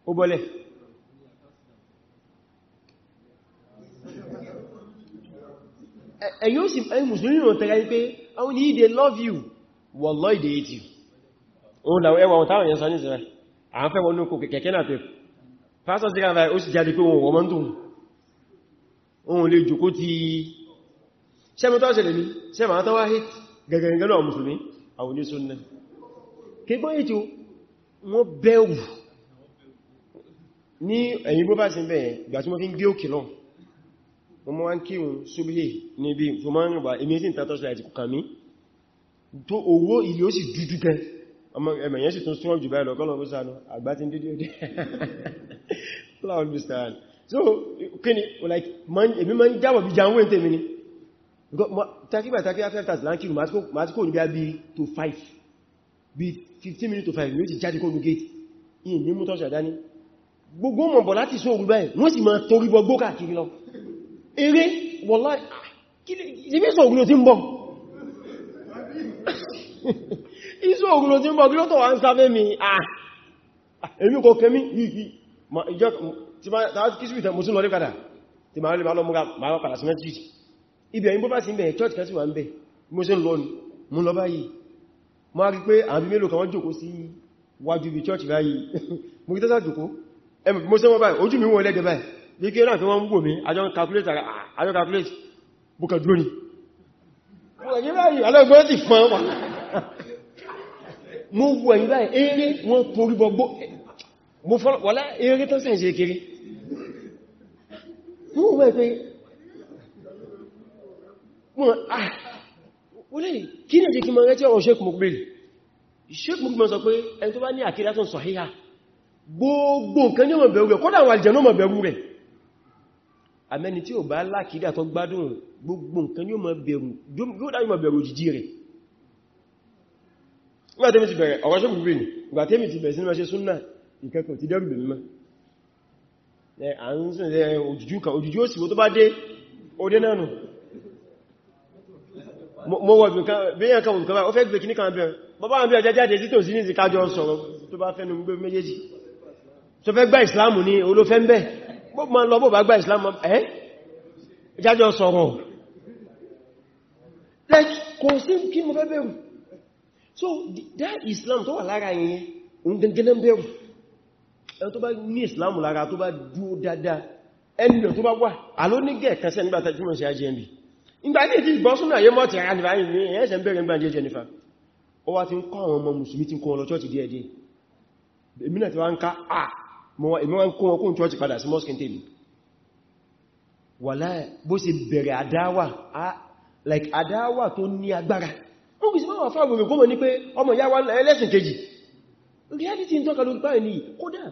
ó bọ́lẹ̀ ẹ̀yìn ó sì ẹ̀yìn mùsùlùmí ìrùn tẹ́ra ní pé àwọn yìí they love you wallahi they hate you òun làwọn ẹwà wọn táwọn yẹn sọ ní ìsìnrẹ̀ àwọn fẹ́ wọnú kò kẹ̀kẹ́ náà tẹ́ pásọ̀ ohun lè jòkó ti sẹ́mù tó ṣẹlẹ̀ ní sẹ́mù àtọ́ wá hìt gẹ̀gẹ̀gẹ̀ lọ mùsùlùmí àwọn ní súnnà kígbọ́ ètò wọ́n bẹ̀rù ní ẹ̀yìn bó bá sí bẹ̀ẹ̀ gbà tí wọ́n fi ń gbé òkè lọ́n wọ́n mọ́ wá ń kírun ṣúbíhì níbi fòmọ́rìnbà èmi sí ìtàtọ́ sí àti kùkàmí tó owó ilé ó sì dúdú gan ọmọ ẹ̀mẹ̀yẹ́ sì tún súnmọ́ jù báyìí lọ́kọ́lọ́gbọ́sánú àgbá ti so kí ni like èmi ma ń jáwọ̀ bí jáwọ̀ ní tèmi ni takígbà takígbà 5 times láńkìrù ma ti kò ní bí a bí to 5 bí 15 minutes to 5 minutes jáde kó ní gate yìí ní mú tọ́ṣà dání gbogbo mọ̀ bọ̀ láti sóòrù báyìí wọ́n sì ma torí bọ gbó káàkiri lọ eré wọ́lá ah, ibi sóòrù ló ti ń bọ̀ ìsóòrù ló ti ń bọ̀ kí ló tọ̀ wá ń sáfẹ́ mi ah, ah èmi kò kẹ́mí yìí ìjọ́ tí ma kí sí ìtẹ̀ mùsùn lọ ní padà tí ma rí ma lọ mọ́ padà sí mẹ́tírì ibi ẹ̀yìn bá sí ń bẹ̀ church kan sí wà ń bẹ̀ mùsùn lọ ní mú lọ báyìí ma rí pé àbí mélòó kan wọ́n jòkó sí wájú ibi church báyìí mú kí tẹ́sà jòkó ẹmù mo sẹ́wọ́ báyìí ojú mi wọ́n lẹ́gbẹ̀ báyìí bí kí náà fi wọ́n ń wò mí àjọ calculate àjọ calculate bùkà dúró mo wọ̀ ẹ̀yìn mo fọ́lọ̀ wọ́lá eré tó sẹ́yìn mú mẹ́ pé mọ́ olè ah, kí ní jẹ́ kí mọ́ rẹ̀ tí ọ̀rọ̀ Sheikh Mukbil Sheikh Mukbil sọ pé ẹni tó bá ní àkídátun sọ̀híhá gbogbo nǹkan ní ọmọ bẹ̀rù rẹ̀ kódà wà jẹ̀nà ọmọ bẹ̀rù rẹ̀ àmẹ́ni tí ò bá lákìídà tó gbádùn gbogbo nǹkan ní ọmọ bẹ̀rù yóò dá ọmọ bẹ̀rù jìjì rẹ̀ nígbàtẹ́mì ti bẹ̀rẹ̀ ọ̀rọ̀ Sheikh Mukbil nígbàtẹ́mì ti bẹ̀rẹ̀ sí ní súnnà ìkẹ́kọ̀ọ́ ti dẹ́rù bẹ̀rẹ̀ mọ́ à ń sìn ẹ̀ òjìjú kan òjìjú ó sì wó tó bá dé òdé náà nù mo wọ̀ bíyàn kan òjìjú kan ó fẹ́ gbé kí ní kan bẹ̀rẹ̀ bọ́bá àwọn bí ọjá jáde títò sí ní ìsìkájọ sọ̀rọ̀ tó bá fẹ́nu gbé méjèèjì tó fẹ́ gba ìsìlámù ní olófẹ́ ń bẹ̀ bó ma lọ bó bá gba ìsìlámù ẹ́ ìjájọ sọ̀rọ̀ kò sí kí mo fẹ́ bẹ̀rù so that Islam tó wà lára yìí ń gẹ́gẹ́ bẹ̀rù ẹni tó bá ní islam lára tó bá dúó dáadáa ẹni tó bá wà aló ní gẹ̀ẹ́kẹsẹ̀ nígbàtà tí mọ̀ sí ajmb ìgbà ní ti ìbọ́súnà ayé mọ́ ti ara nìbá yìí ní ẹ̀ẹ́sẹ̀ ń bẹ̀rẹ̀ ń bá jẹ́ jẹ́nifá ó wá ti ń kọ́ àwọn ọmọ mùsùlùmí ti ń kọ́ wọn lọ chọ́ọ̀tì díẹ̀ díẹ̀ èmi náà ti wá ń ká à èmi wá ń kó wọn kó ń chọ́ọ̀tì padà sí mọ́sùkín tèmi wàlá bó ṣe bẹ̀rẹ̀ àdáwà like àdáwà tó ní agbára ó kìí sí máa wà fáwọn òmìnkó mọ̀ ní pé ọmọ ìyá wa ẹlẹ́sìn kejì reality ń tọ́ka lórí báyìí kódà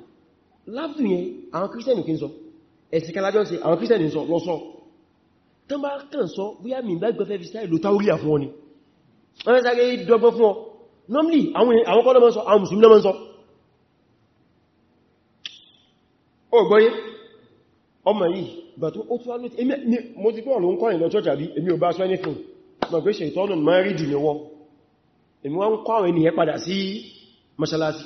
láàbùn yẹn àwọn kírísẹ̀nì kí ń sọ ẹ̀sìn kalájọ́ sí àwọn kírísẹ̀nì sọ lọ sọ tán bá kàn sọ bóyá mi bá gbẹ́fẹ́ fi sáì lò táórí àfún ọ ni wọ́n mẹ́ta gẹ́ dọgbọ́n fún ọ normally àwọn kọ́ lọ́mọ́ sọ àwọn mùsùlùmí lọ́mọ́ sọ ó gbọ́yé ọmọ yìí but ó tún alóti èmi mo ti gbọ́ ọ̀lọ́ ń kọ́rin lọ church àbí èmi ò bá sọ anything mọ̀ pé ṣe ìtọ́nà mẹ́rìndì ni wọ́n èmi wọ́n ń kọ́ àwọn ènìyàn padà sí mọ́ṣálásí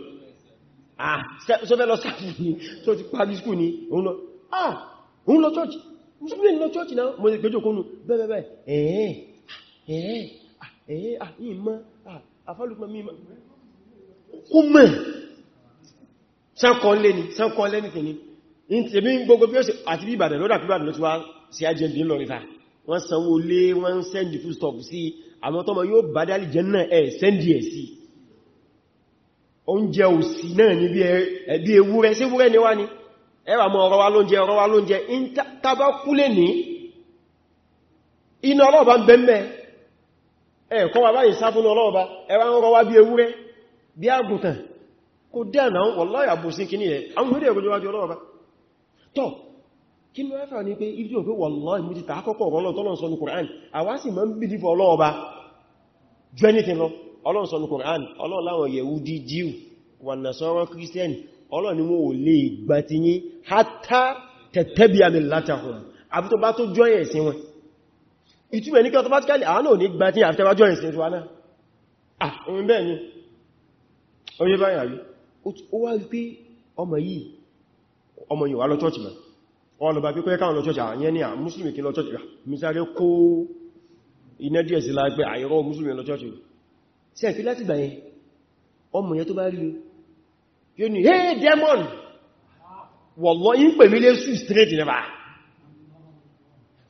ah so fẹ́ lọ sáàfù ní so ti parí skú ní òun lọ ah òun lọ church musulmi lọ church náà mo lè gbẹ́jọ kónú bẹ́ẹ̀bẹ́ẹ̀ ẹ̀ẹ́ ẹ̀ẹ́ ah, ẹ̀ẹ́ àìmọ́ ah, ah, àfálùpọ̀ mímọ̀ kú mẹ́ sánkọ́ lẹ́ni sánkọ́ lẹ́ni tẹ̀ni ìtẹ̀bí gbogbo bí ó sì àti bí Ìbàdàn lọ́dà pípàdàn ló ti wá sí agent ní lọ́rìfà wọ́n sanwó lé wọ́n sẹ́ndì foodstuff sí àwọn tọ́mọ yóò bá dálì jẹ́ náà ẹ̀ sẹ́ndì ẹ̀ sí oúnjẹ òsì náà ní bí ewúrẹ́ sí ewúrẹ́ ni wá ní ẹwà mọ́ ọ̀rọ̀ wa lóúnjẹ ọ̀rọ̀ wa lóúnjẹ tàbá kúlé ní iná ọlọ́ọ̀bá ń bẹ́m̀bẹ́ ẹ̀kọ́ wa báyìí sáfún ọlọ́ọ̀bá ẹwà ń rọwá bí ewúrẹ́ bí àgùntàn kí ló ẹ́fà ní pé ibi òfin wallahi mú ti tàákọ́kọ́ ọ̀rọ̀ ọlọ́ọ̀tọ́lọ́sọ́nù Kùránì àwá mọ́ ń bí nífọ̀ ọlọ́ọ̀bá ju ọlọ́run sọ ní Kùránì ọlọ́run láwọn yẹ̀wúdí jíù wà nàṣọ́rọ̀ kírísítẹ́nì ọlọ́run ni wọ́n ò lè gbà ti yín hátá tẹ̀tẹ́bí àmì látàkùn àbí tó bá tó join ẹ̀sìn wọn ìtumẹ̀ ní kí automatically àwọn ò ah òun bẹ́ẹ̀ ni oye báyìí àrí ó wá rí pé ọmọ yìí ọmọ yìí wà lọ church mẹ́ wọ́n lọ bá pípẹ́ káwọn lọ church àyẹ́ ní à mùsùlùmí sí ẹ̀fí láti gbà yẹn ọmọ yẹn tó bá rí yóò ní hey demon wọ̀lọ́ yí ń pè mí lé sù straight nìbà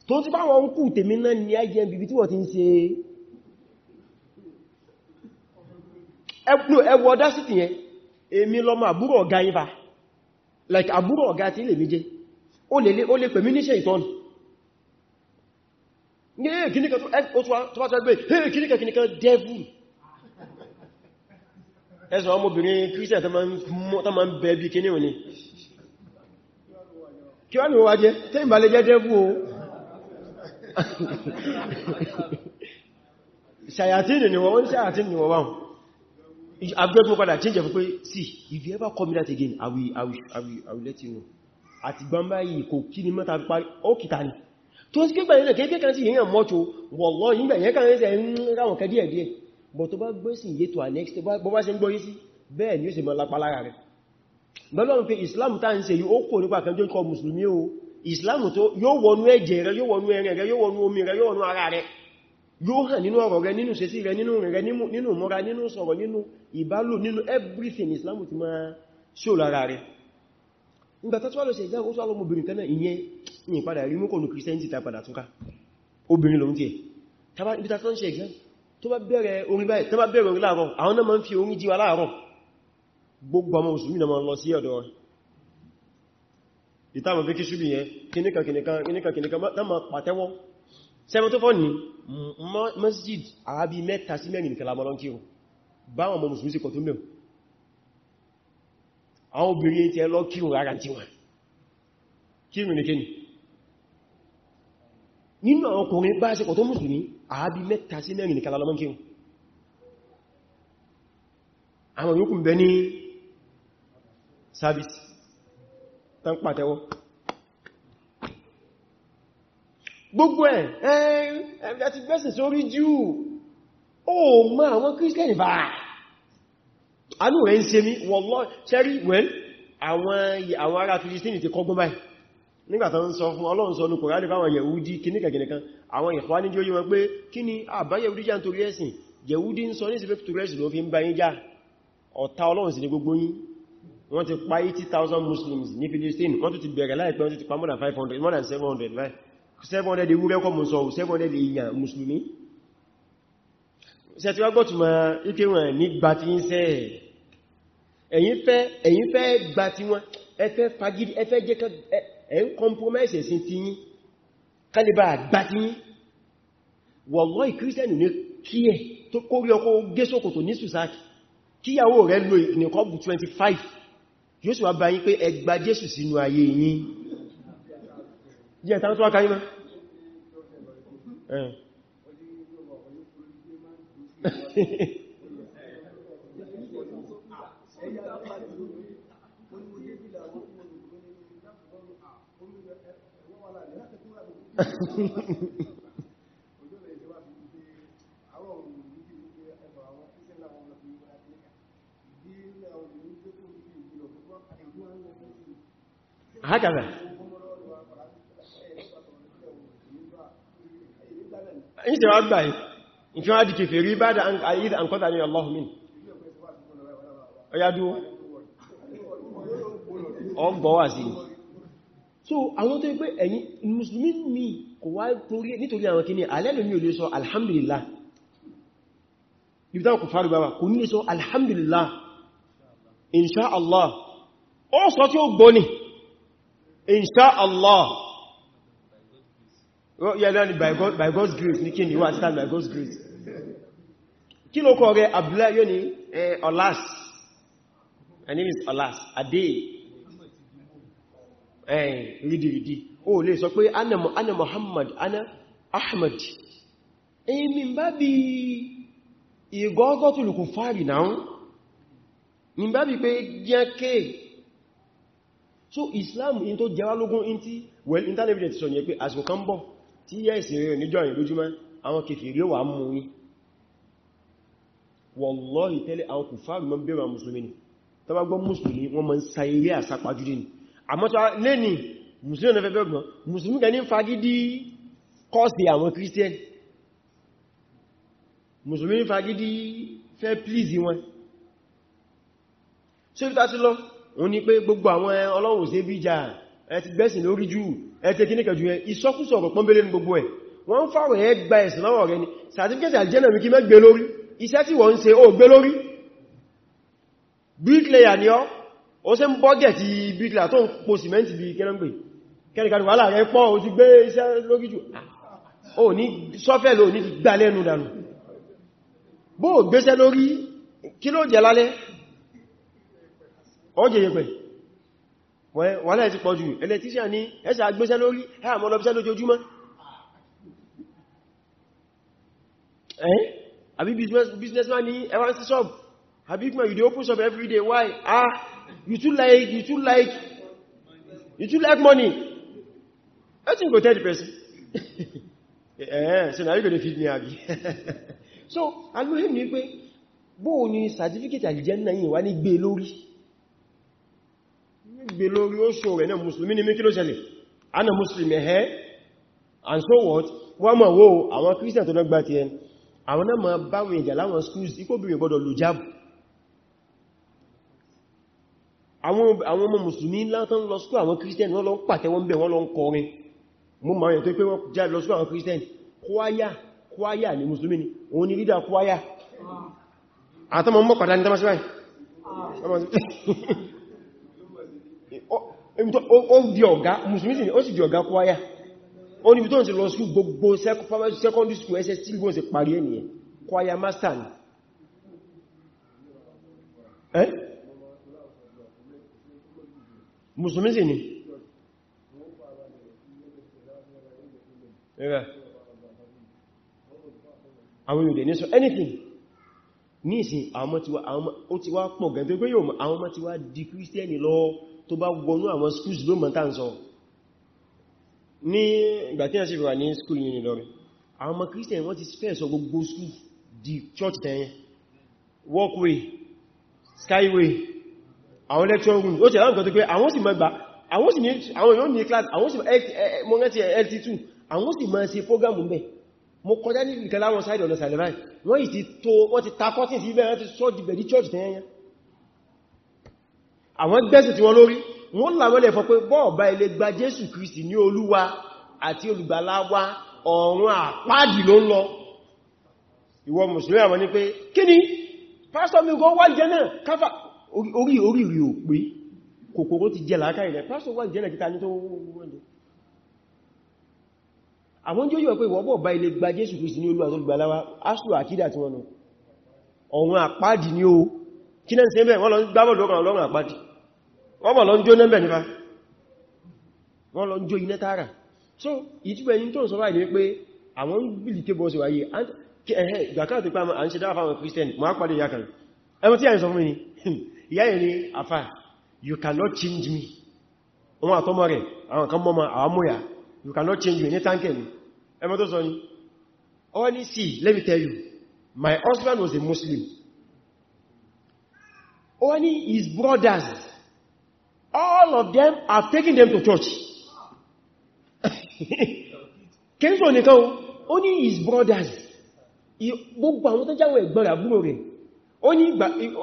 tó ti bá wọn kú tèmi náà ní ayẹ́ bíbí tí wọ́n ti ń ṣe ẹgbùn ẹwọ ọdá sí ti yẹn èmi lọmọ àbúrò ọ̀gá yín bá like àbúrò ọ̀gá tí lè mí jẹ́ ó lè pè mí níṣẹ́ ìtọ́nù ní kíníkà tó bá tó ẹgbẹ́ kíníkà kíníkà devil ẹsùn àwọn obìnrin christian tó ma ń bẹ bí kíní òní kí wá ní wọ́n wá jẹ́ tí ìbà lè jẹ́ dẹ́bù o ṣàyàtíni ni wọ́n ṣàyàtíni ni wọ́n wá agbẹ́gbùn padà change fún pé see if you ever come that again i will i will i will i will let you know àti gbamba yìí kò kí ni mẹ́ta parí ó kìta ni tó ń sí kégbà ilẹ̀ kéèkéè kan sí èèyàn mọ́tò wọ̀lọ́ yìí gbà yẹn kàn ń sẹ́ ń ráwọn kẹ́ díẹ̀díẹ̀ bọ̀ tó bá gbẹ́sìn yé tó à next bọ́ bá ṣe ń gbọ́yé sí bẹ́ẹ̀ ni ó sì mọ́ lápá lára rẹ̀ bẹ́lọ́run pé islam tá ń ṣe yóò kò nípa kan jọ ń kọ musulmi o islam tó yóò wọnú ẹ̀jẹ̀ rẹ̀ yóò wọnú ẹ̀rẹ̀ rẹ̀ yóò wọnú omi rẹ̀ yóò wọnú ara rẹ̀ yóò hàn nínú ọ̀rọ̀ rẹ̀ nínú ṣesí rẹ̀ nínú rẹ̀ nínú mọ́ra nínú sọ̀rọ̀ nínú ìbálò nínú everything islam ti máa ṣó lára rẹ̀ nígbà tó wà lọ sí ìjáwó tó lọmọbìnrin kan náà ìyẹn ìyẹn padà rí mú kò ní christianity ta padà túnká obìnrin lòun ti ẹ̀ tàbí ibi ta tó ń ṣe exam tó bá bẹ̀rẹ̀ orin báyìí tó bá bẹ̀rẹ̀ orin láàárọ̀ àwọn náà ma ń fi orin jíwa láàárọ̀ gbogbo ọmọ òsùmí na ma lọ sí ọ̀dọ̀ ìtàmà fi kí ṣúbì yẹn kìníkàkìníkà tán ma pàtẹ́wọ́ 74 ní masjid àábí mẹ́ta sí mẹ́rin nìkan lámọ́ lọ́nkí báwọn ọmọ musulmi sí kọ̀ tó mẹ́ àwọn obìnrin tí ẹ lọ kírun rárá tí wọn kírun nìkan nínú àwọn ọkùnrin bá tó musulmi àábí mẹ́ta sí mẹ́rin nìkan lọ́mọ́ kí àwọn yóò kùn bẹ ní sáàbìsì tán pàtẹ́wọ́ gbogbo ẹ̀ ẹ̀rẹ́ ti gbẹ́sẹ̀ sórí jù ó ma àwọn kírísítẹ̀nì bá anú rẹ̀ ń ṣe mí wọ́n lọ́ sẹ́rí wẹ́l àwọn ará fìlìstíni ti kọgbọ́n báyìí nígbàtà ń sọ fún ọlọ́run sọ lókùnrin alifá àwọn yẹ̀wúdí kí níkàkìnìkan àwọn ìfọ́ ní jí ó yí wọn pé kí ni àbá yẹ̀wúdí jà ń torí ẹ̀sìn yẹ̀wúdí ń sọ ní ìsìnkú torí ẹ̀sìn ló fi ń bá yín já ọ̀tá ọlọ́run sí ní muslims ní Palestine wọ́n tún ti bẹ̀rẹ̀ láìpẹ́ wọ́n more than 500 more than 700 right 700 ewúrẹ́ kọ́ mú sọ 700 èèyàn musulmi ṣe ti wá gbọ́ túnmọ̀ ike wọn ní gba ti jẹ́ ẹ̀ ń compromise ẹ̀sìn ti yín kálíbà àgbà ti yín wọ̀lọ́ ìkírísẹ́nì ní kí ẹ̀ tó kórí ọkọ̀ gẹ́sọ́kòtò ní sùsáàkì kíyàwó rẹ̀ lo ìnìkọ́bù 25 yóò sì wá bá yín pé ẹ gba Jésù sínú ayé yín jẹ́ ìtàn tó wá هكذا in ti wa gba yi in fi wa di kèfèrí ba da ayyid an kọta ni allahu min ó yá dúró ọgbọ̀ wà sí ni so àwọn tó pé ẹ̀yin musulmi mi kò wá nítorí àwọn kìíní alẹ́lò ní olè sọ alhamdulillah ibùdá kò fàrí bàbá kò ní sọ alhamdulillah insha Allah ó sọ tí ó gbọ́ ní insha Allah yẹ́lẹ́ ni by God's grace ní kí ni wà stand by God's grace kí ló kọ́ rẹ̀ abúlá yóò ní ọlás eh, my name is ọlás adé ẹ̀yìn rídìrídì o lè sọ pé ana Muhammad ana Ahmad èmi bá bí ìgọ́gọ́tùlùkù fàárì náà ní bá bí pé gíẹ́kẹ́ so Islam in tó jẹ́wà lógún in tí well internet evidence sọ yẹ pé àsìkò kan bọ̀ tí yẹ́ ìsìnrẹ̀ níjọ́ àìlójúmọ́ àwọn kèfèrí wà mú ní wallahi tẹ́lẹ̀ àwọn kùfààrù mọ́ bẹ̀rẹ̀ musulmi ni tọ́bá gbọ́ musulmi wọ́n mọ́ ń sa ilé àsápajúdé ni àmọ́tọ́ lè ní musulmi ọ̀nà fẹ́fẹ́ ọgbọ̀n musulmi kẹ ní fagidi kọ́sì àwọn christian musulmi ní fagidi fẹ́ please wọn ṣe fi tàti lọ wọ́n ní pé gbogbo àwọn ọlọ́run ṣe bí jà ẹ ti gbẹ́sìn lórí jù ẹ ti kí níkẹjù ẹ ìsọkúsọ ọ̀rọ̀ pọ́nbélé ní gbogbo ẹ̀ wọ́n fàwẹ̀ ẹ gba ẹ̀sìn lọ́wọ́ rẹ ni sàtífíkẹ́sì àjẹ́nà mi kí mẹ́gbẹ́ lórí iṣẹ́ tí wọ́n ń ṣe ó gbé lórí bricklayer ni ọ́ ó ṣe ń bọ́gẹ̀ ti bíkìlà tó ń po sìmẹ́ntì bí kẹ́lọ́gbè kẹ́rìkàrí wà láàrẹ pọ́ o ti gbé iṣẹ́ lórí jù o ní sọ́fẹ́ lò ní gbà lẹ́nu dànù bó o gbéṣẹ́ lórí kí ló jẹ lálẹ́ ó jẹ yẹpẹ̀ wà láì ti pọ̀ jù ẹlẹ́tíṣà ní ẹsà gbéṣẹ́ lórí ẹ̀hàmọ́ lọ́bíṣẹ́ lójoojúmọ́ àbí businessman ní ẹwà ń sí sọ́ọ̀bù Abikman, you dey open shop every day. Why? Ah, you too like, you too like, you too like money. I think go tell the person. eh, so now you're going to feed me, Abi. so, I know him pé, bo ni certificate àlìjẹ́nà yìí wá ní gbé lórí. Gbé lórí ó Muslimi ni mí kí ló ṣẹlẹ̀. Ana Mùsùlùmí ẹ̀ and so what? Wọ́n mọ̀ wó àwọn Christian to lọ gbá ti na ma náà jala báwọn schools láwọn schools, ikóbìnrin lujabu àwọn ọmọ mùsùlùmí látán lọ sùkú àwọn kírísítẹ̀nì wọ́n lọ ń pàtẹ́ wọ́n bẹ̀ wọ́n lọ ń kọrin mú ma yẹ̀ tó pé wọ́n já lọ sùkú àwọn kírísítẹ̀nì kwaya kwaya ni mùsùlùmí ni òun ni lídà kwaya àtọ́mọ̀ mọ́ pàdá ní mùsùlùmí sì ni àwọn yóò dẹ̀ ní sọ anything ní ìsìn àwọn ti wá pọ̀ gan tó pé yóò àwọn ọmọ ti wá di kírísítíẹ̀nì lọ tó bá wọnú àwọn schools ló mọ̀ tàà ń sọ ní ìgbà tí a sì wà ní school yìí nìlọrin àwọn ọmọ kírísítíẹ̀nì wọ́n ti fẹ́ sọ gbogbo school di church tẹ́yẹn walkway skyway àwọn lecture room ó ti àwọn nǹkan tó pé àwọn sì máa gbà àwọn sì ní àwọn yóò ní class àwọn sì mọ́ rántí lt2 àwọn sì máa ṣe program mẹ́ mo kọjá ní ìkẹlá wọn side ọ̀nà sàlẹ̀ báyìí wọ́n yìí ti tó wọ́n ti takọ́ sí ibẹ̀ wọ́n ti sọ jùbẹ̀ ní church tẹ́yẹn àwọn gbẹ́sì tí wọ́n lórí wọ́n làwọ́lẹ̀ fọ́ pé bọ́ọ̀bá ilé gba Jésù Kristi ní Olúwa àti olùgbàlà wa ọ̀run àpáàdì ló ń lọ ìwọ mùsùlùmí àwọn ní pé kíni pásítọ̀ mi kó wá jẹ́ náà káfà orí orí rí ò pé kòkòrò ti jẹ làákà ilẹ̀ pásọ̀ wà jẹ́lẹ̀ kíta ní tó wọ́n àwọn jí ó yíò pé ìwọ̀bọ̀ bá ilé gba Jésù Kristi ní olúwa tó gbàláwá asùlù àkídà tí wọ́n nù ọ̀run àpáàdì ní o kí náà ń ṣe bẹ́ẹ̀ wọ́n lọ so ìtúbẹ̀ yìí tó ń sọ báyìí ni pé àwọn ń bìlì tébọ̀ sí wáyé ẹ̀hẹ́ ìgbàkáà tó pé fáwọn Christian mọ́ á pàdé yákan ẹmọ tí à ń sọ fún mi ni ìyá ẹ̀ ní you cannot change me wọn àtọ́mọ́ rẹ̀ àwọn kan mọ́mọ́ àwọ́mọ́yà you cannot change me ní tánkẹ̀ ni ẹmọ́ tó sọ ní ọwọ́ ní sí let me tell you my husband was a Muslim ọwọ́ ní his brothers all of them have taken them to church kẹ́sọ̀ nìkan ó ní his brothers gbogbo àwọn tó jáwọ̀ ẹ̀gbọ́n àbúrò rẹ̀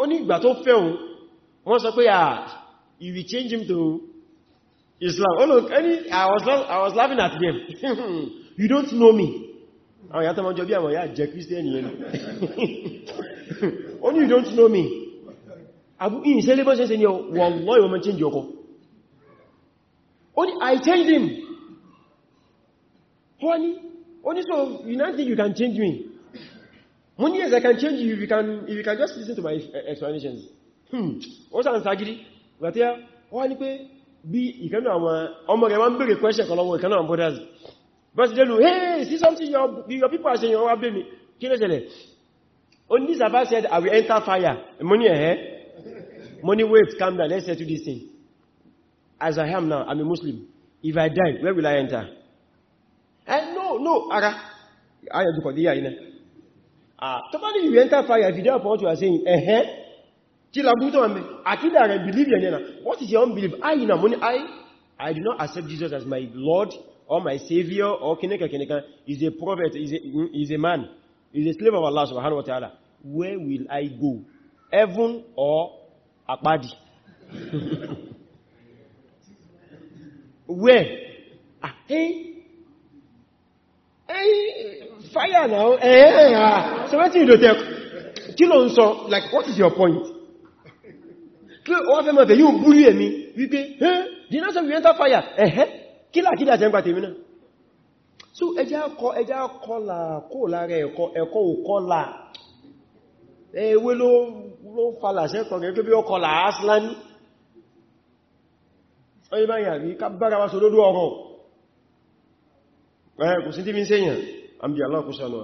ó ní ìgbà tó fẹ́ òun wọ́n sọ pé ah if change him to Islam oh look any I was, I was laughing at them you don't know me àwọn ìyá tọmọ jọ bí àwọn ìyá jẹ Christian yẹn only you don't know me abu in se lebo se se ni o wallahi o ma change ọkọ only I changed him honey only so you don't think you can change me money as I can change you if you can, if you can just listen to my eh, explanations Hmm. ó sàn sagiri gbàtí wọ́n ní pé bí ìkanú àwọn ọmọ rẹ̀ wọ́n bèèrè question kan lọ́wọ́ ìkanú àwọn brothers bọ́sí dẹnu hey see something your, your people are saying wọ́n wá bẹ́ mi kí ló ṣẹlẹ̀ on this abba i will enter fire mo ní ẹ̀hẹ́ mo ní down let's settle this thing as i am now i'm a muslim if i die where will i enter eh no no ara ayọ̀dùkọ̀ díyà iná ah totally you enter fire you don't upon what you are saying ẹ̀hẹ́ kí laburú tó wà mẹ́ àkídà rẹ̀ believe yẹn náà what is your own belief i na mo ní i i do not accept jesus as my lord or my savior or kìnnìkan kìnnìkan is a prophet is a, is a man is a slave of allah subhanahu wa ta'ala where will i go heaven or apadi where ah hey eh? eh, hey fire now eh ah so wetin you do tell kí ló ń like what is your point kí wọ́n fẹ́ mọ̀fẹ́ yóò búrí ẹ̀mí wípé ẹ́ dínásọ̀ we enter fire ẹ̀hẹ́ kí làkídà jẹ́ ń gbà tèmi náà so ẹjá kọ ẹjá kọlà kó lára ẹ̀kọ́ ẹ̀kọ́ òkọlà ewé ló ń falà sẹ́kọ̀ọ́ gẹ́gẹ́ bí ọkọlà áṣláni ọyí bá yà rí kábára wa so lódó ọ̀rọ̀ ẹ̀ kò sí tí mi ń sẹ́yàn àmì Allah kò sánà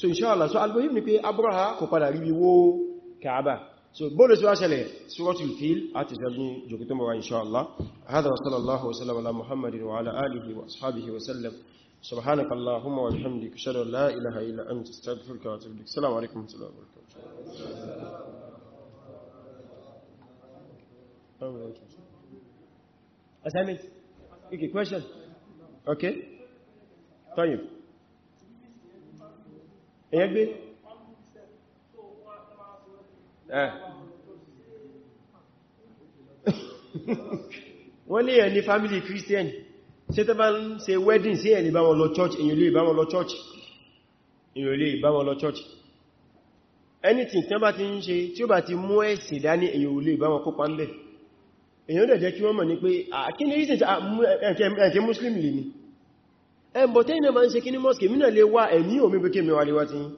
so inshallah so algorithm ni pé Abraha kò padà rí wó Kaaba so bóòlù tí wá ṣẹlẹ̀ suratul fil àti ṣẹ́gun jòkútọ́mọ̀ wa insha Allah hada wa sallallahu wa sallam ala muhammadin wa ala alihi wa ashabihi wa sallam subhanaka allahumma wa bihamdika shadu la ilaha illa anta astaghfiruka wa atubu ilaik assalamu alaikum wa rahmatullahi wa barakatuh assignment okay question okay طيب ايه Eh. wọ́n lè ẹni family christian ṣe tẹ́ bá ń ṣe wedding sí ẹni bá wọn lọ church èyàn lè bá wọn lọ church èyàn lè bá wọn lọ church anything tẹ́ bá ti ń ṣe tí ó bá ti mú ẹ̀sìn dání èyàn lè bá wọn kópa ń bẹ̀ èyàn dẹ̀ jẹ́ kí wọ́n mọ̀ ní pé àkíní ẹ̀kẹ́ muslim lè ní ẹ̀bọ̀ tẹ́yìn náà bá ń ṣe kí ní mosque mínà lè wá ẹ̀mí òmí pé kí mẹ́wàá lè wá ti yín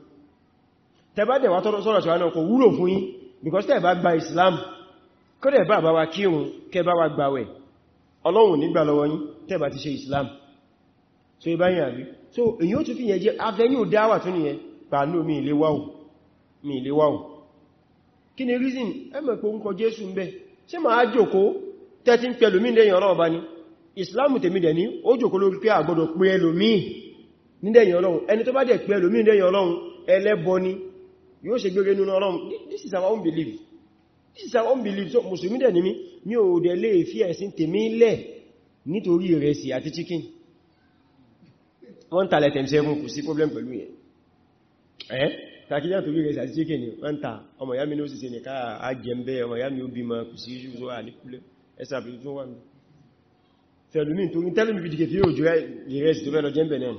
tẹ́bá dẹ̀ wá tọ́rọ sọ́rọ̀ ṣe wá náà kò wúlò fún yín because tẹ́ bá gba Islam kọ́dẹ̀ bá bá wa kírun kẹ́ bá wa gbàwẹ̀ Ọlọ́run nígbà lọ́wọ́ yín tẹ́ bá ti ṣe Islam so ibá yìn àbí so èyí ó tún fi yẹn jẹ́ avenue dáwà tún yẹn pàánú mi ilé wáwù mi ilé wáwù kí ni reason ẹmọ̀ pé oúnkọ Jésù ń bẹ ṣe máa jòkó tẹ́tí ń pẹ̀lú mí lẹ́yìn Ọlọ́run bá ní Islam tèmi dẹ̀ ní ó jòkó lórí pé àgbọ́dọ̀ pé ẹlòmí ní lẹ́yìn Ọlọ́run ẹni tó bá dẹ̀ pé ẹlòmí lẹ́yìn Ọlọ́run ẹlẹ́bọ ni yóò ṣe gbére nínú ọlọ́run this is our own belief this is our own belief so mùsùlùmí dẹ̀ ní mi mi ò dẹ̀ lè fi ẹ̀sìn tèmi lẹ̀ nítorí ìrẹsì àti chicken wọ́n tà lẹ́tẹ̀ ṣẹ́gun kò sí problem pẹ̀lú yẹn ẹ́ takíyà torí ìrẹsì àti chicken wọ́n tà ọmọ ìyá mi ní ó sì se nìká àjẹ́mbẹ́ ọmọ ìyá mi ó bímọ kò sí iṣu tó wà ní kúlẹ̀ ẹsẹ̀ àbí tó wà ní fẹ̀lúmí torí tẹ́lùmí fi dìkẹ̀ fi yóò jù ìrẹsì tó fẹ́ lọ jẹ́mbẹ̀ náà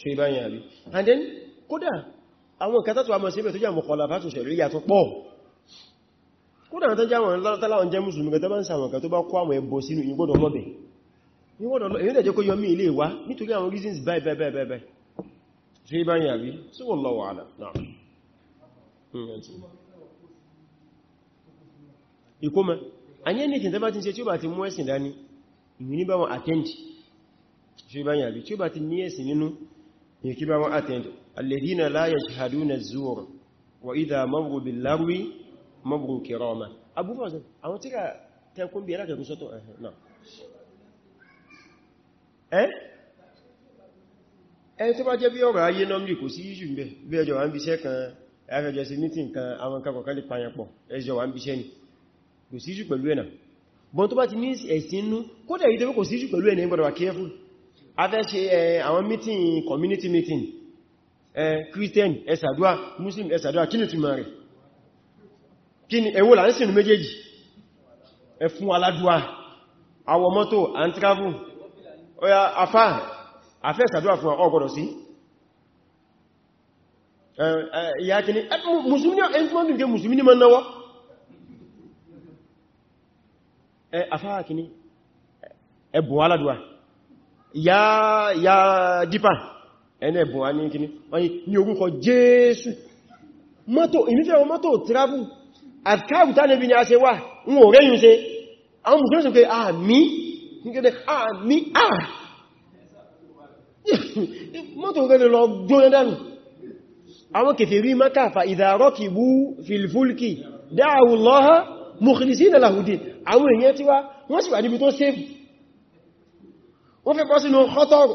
ṣe ìbáyìn àbí and then kódà àwọn nǹkan tàtàwà mọ̀ síbẹ̀ tó jẹ́ àmọ̀kọ̀lá bá tó ṣẹ̀rí yà tó pọ̀ kódà tó jẹ́ àwọn látàláwọn jẹ́ mùsùlùmí kẹta bá ń sàwọn kan tó bá kó àwọn ẹbọ sínú ìgbọ́dọ̀ lọ́bẹ̀ èyí dẹ̀ jẹ́ kó yọ mí ilé wa nítorí àwọn reasons báyìí báyìí báyìí báyìí tí bá ń yàrí sí wọ́n lọ́wọ́ àlà náà ìkómẹ́ àyẹ́ ní ìtìntẹ́ bá ti ṣe alladhina la yashhaduna az-zur wa idha marru bil-lagwi marru kirama Abu Fawzan àwọn tí ká tẹkún bí alákẹ̀kún sọ́tọ̀ ẹ̀hẹ̀ náà ẹ́ ẹni tó bá jẹ́ bí ọ̀rọ̀ ayé nọ́mìlì kò sí yíṣù ń bẹ̀ bí ẹjọ́ wà ń bíṣẹ́ kan ẹfẹ́jọ́ sí mítìn kan Eh, Christian ẹ ṣàdúà Muslim ẹ ṣàdúà kí ni túnmọ̀ rẹ̀ kí ni èwo là ń sìn méjèèjì ẹ fún aládùá àwọ mọ́tò and travel ọya afá afẹ́ ṣàdúà fún ọgbọ̀dọ̀ sí ìyá kí ni musulmi ni ma náwọ́ afá kí ni ẹbùn aládùá ìyá dípa ẹlẹ́bùn wa ní kíní wọ́n ni ní orúkọ jésù mọ́tò ìnífẹ́ wọn mọ́tò tírábù àkáàbùtá níbi ni a ṣe wà ń wò rẹ́yìn ṣe àwọn mùsùlùmí pé àmì nígbẹ́dẹ̀ àmì à mọ́tò rẹ̀ lọ gbóná dánù àwọn kèfèrí makafa ìdàrọ́kì bú filfulki dáàwùlọ́ha mukhlisina lahudin àwọn èèyàn tí wá wọ́n sì wà níbi tó sẹ́fù wọ́n fẹ́ pọ́ sínú khataru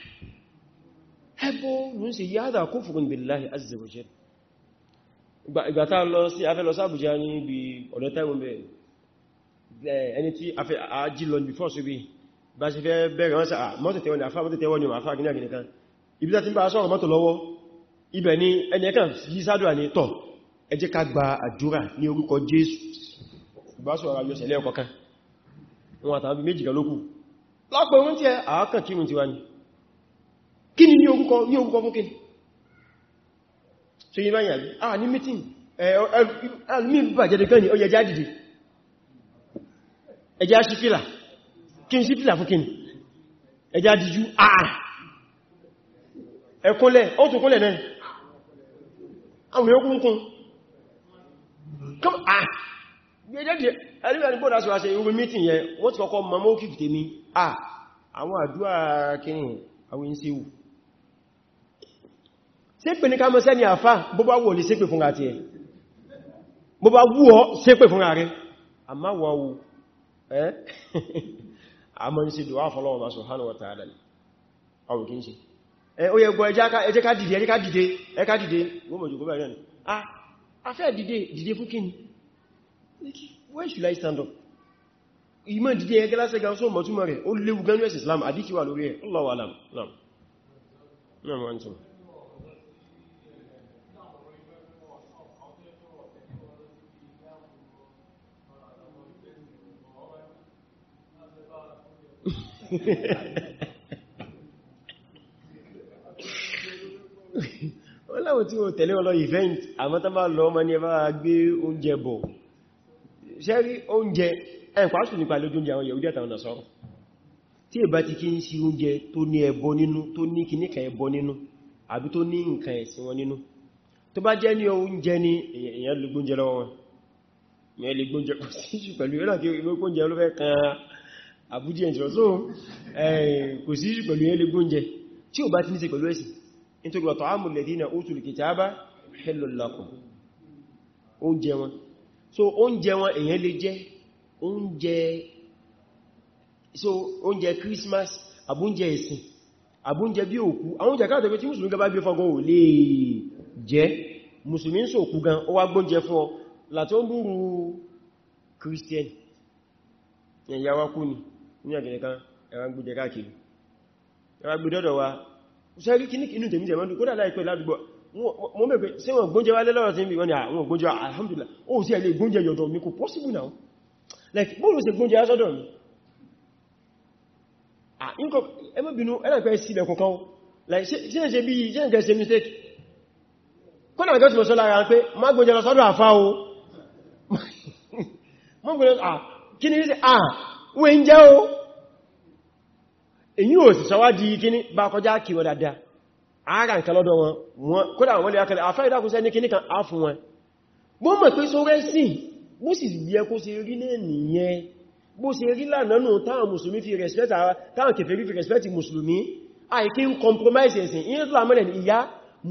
ẹbọ ló ń ṣe yádà kufrun billahi azza wa jalla ìgbà tá lọ sí afẹ́ lọ sábùjá ní ibi ọ̀dọ̀ tẹ́rùn bẹ̀rẹ̀ ẹni tí ají lọ bí fọ́sù bí bá ṣe fẹ́ bẹ̀rẹ̀ wọ́n sáà mọ́tẹ̀tẹ̀ wọn àfá mọ́tẹ̀tẹ̀ ibi tí bá sọ́rọ̀ mọ́tò lọ́wọ́ ibẹ̀ ni ẹni ẹ̀kan yí sádùà ní tọ̀ ẹ jẹ́ ká gba àdúrà ní orúkọ Jésù bá sọ̀rọ̀ ayọ́ sẹ̀lẹ̀ ọkọ̀ kan wọn àtàbí ti wá ní kí ni ní orúkọ ní orúkọ fún kí so yí báyìí àbí ah ní mítìn ẹ̀lùmí bàjẹ́dẹ̀ kan ní ó yẹ já dìde ẹjá sí fìlà kí n sí fìlà fún kí n ẹjá dìjú àà ah! ẹkúnlẹ̀ ó tún kúnlẹ̀ náà àwọn èèkún kún kọ́m àà gbẹ́jẹ́dẹ̀ ẹlùmí bọ́dá sọ àṣẹ irú mítìn yẹ wọ́n ti kọ́kọ́ mamókì tèmi àà ah! àwọn àdúrà kìnnì àwọn ìṣẹ́wù ṣépè ní ká mọ́ sẹ́ni àfá bó bá wọ̀ lè ṣépè fún àti ẹ̀ bó bá wù ọ́ ṣépè fún ààrẹ àmá wà wù ẹ́ àmọ́ ní sí dùwà fọ́lọ́wọ́ bá subhanahu wa ta'ala ni ọrùn kí ń ṣe ó yẹ gbọ́ ẹjẹ́ ká dìde ẹjẹ́ ká dìde ẹjẹ́ where should I stand up ìmọ̀ dìde ẹgẹ́ lásẹ̀ gan só mọ̀ túnmọ̀ rẹ̀ ó léwu gan ní ẹ̀sìn Islam àdíkíwà lórí ẹ̀ Allah alam náà wọ́n tún wọ́n láwọn tí wọ́n tẹ̀lé ọlọ́ event àmọ́ tán bá lọ ọmọ ní ẹbá gbé oúnjẹ bọ̀ ṣẹ́rí oúnjẹ ẹ̀pàásù nípa lójú oúnjẹ àwọn yẹ̀wúdí àtàwọn sọ́rọ̀ tí ẹ̀bá ti kí ń sí oúnjẹ tó ní ẹbọ nínú tó ní kìníkà ẹbọ nínú àbí tó ní nǹkan ẹ̀sìn wọn nínú tó bá jẹ́ ní oúnjẹ ní àbújí ẹ̀jọ́ so eh, kò sí ìṣù pẹ̀lú ẹlẹ́ gbóúnjẹ tí ó bá ti ní ṣe pẹ̀lú ẹ̀sìn nítorí ọ̀tọ̀ amúlẹ̀dínà utul kitaba halal lakum oúnjẹ wọn so oúnjẹ wọn èyàn lè jẹ oúnjẹ so oúnjẹ Christmas àbúnjẹ ẹ̀sìn àbúnjẹ bí òkú àwọn oúnjẹ káàtọ̀ pé tí mùsùlùmí gaba gbé fọ́gọ́ ò lè jẹ mùsùlùmí ń sòkú gan ó wá gbóúnjẹ ẹ̀yà wákú ni ní ọ̀gẹ̀rẹ̀ kan ẹwà gbúdẹ̀ káàkiri ẹwà gbúdẹ̀ ọ̀dọ̀ wa ṣe rí kíní inú tèmi tẹ̀mọ́ kódà láìpẹ́ ládùgbọ́ mo mẹ́ pé ṣe wọ́n gbóúnjẹ wá lẹ́lọ́rọ̀ tí wọ́n ni àwọn ah, gbóúnjẹ ah, alhamdulillah ó sì ẹ̀lẹ́ gbóúnjẹ yọ̀dọ̀ mi kò possible now like bóòlù ṣe gbóúnjẹ asọ́dọ̀ mi ah, ẹmọ́bìnú ẹlẹ́pẹ́ sí ilẹ̀ kọ̀kan like ṣe ṣe bí ṣe ṣe ṣe mistake kọ́nà àjọ́ ti lọ sọ lára pé má gbóúnjẹ lọ sọ́dọ̀ àfá o ah wọ́n ń jẹ́ o èyí ò sì sọwá di kíní bá kọjá kí wọ́n dáadáa ara nǹkan lọ́dọ̀ wọn kódà wọ́n lè akẹ́lẹ̀ afẹ́ ìdákùnsẹ́ ní kíní kan á fún wọn bó mọ̀ pé sórẹ́ sí bó sì yẹ kó ṣe rí náà nìyẹn bó ṣe rí lànánù táwọn mùsùlùmí fi respect ara táwọn kèfèrí fi respect mùsùlùmí àìkí ń compromise ẹ̀sìn ìyẹn tó lámọ́lẹ̀ ìyá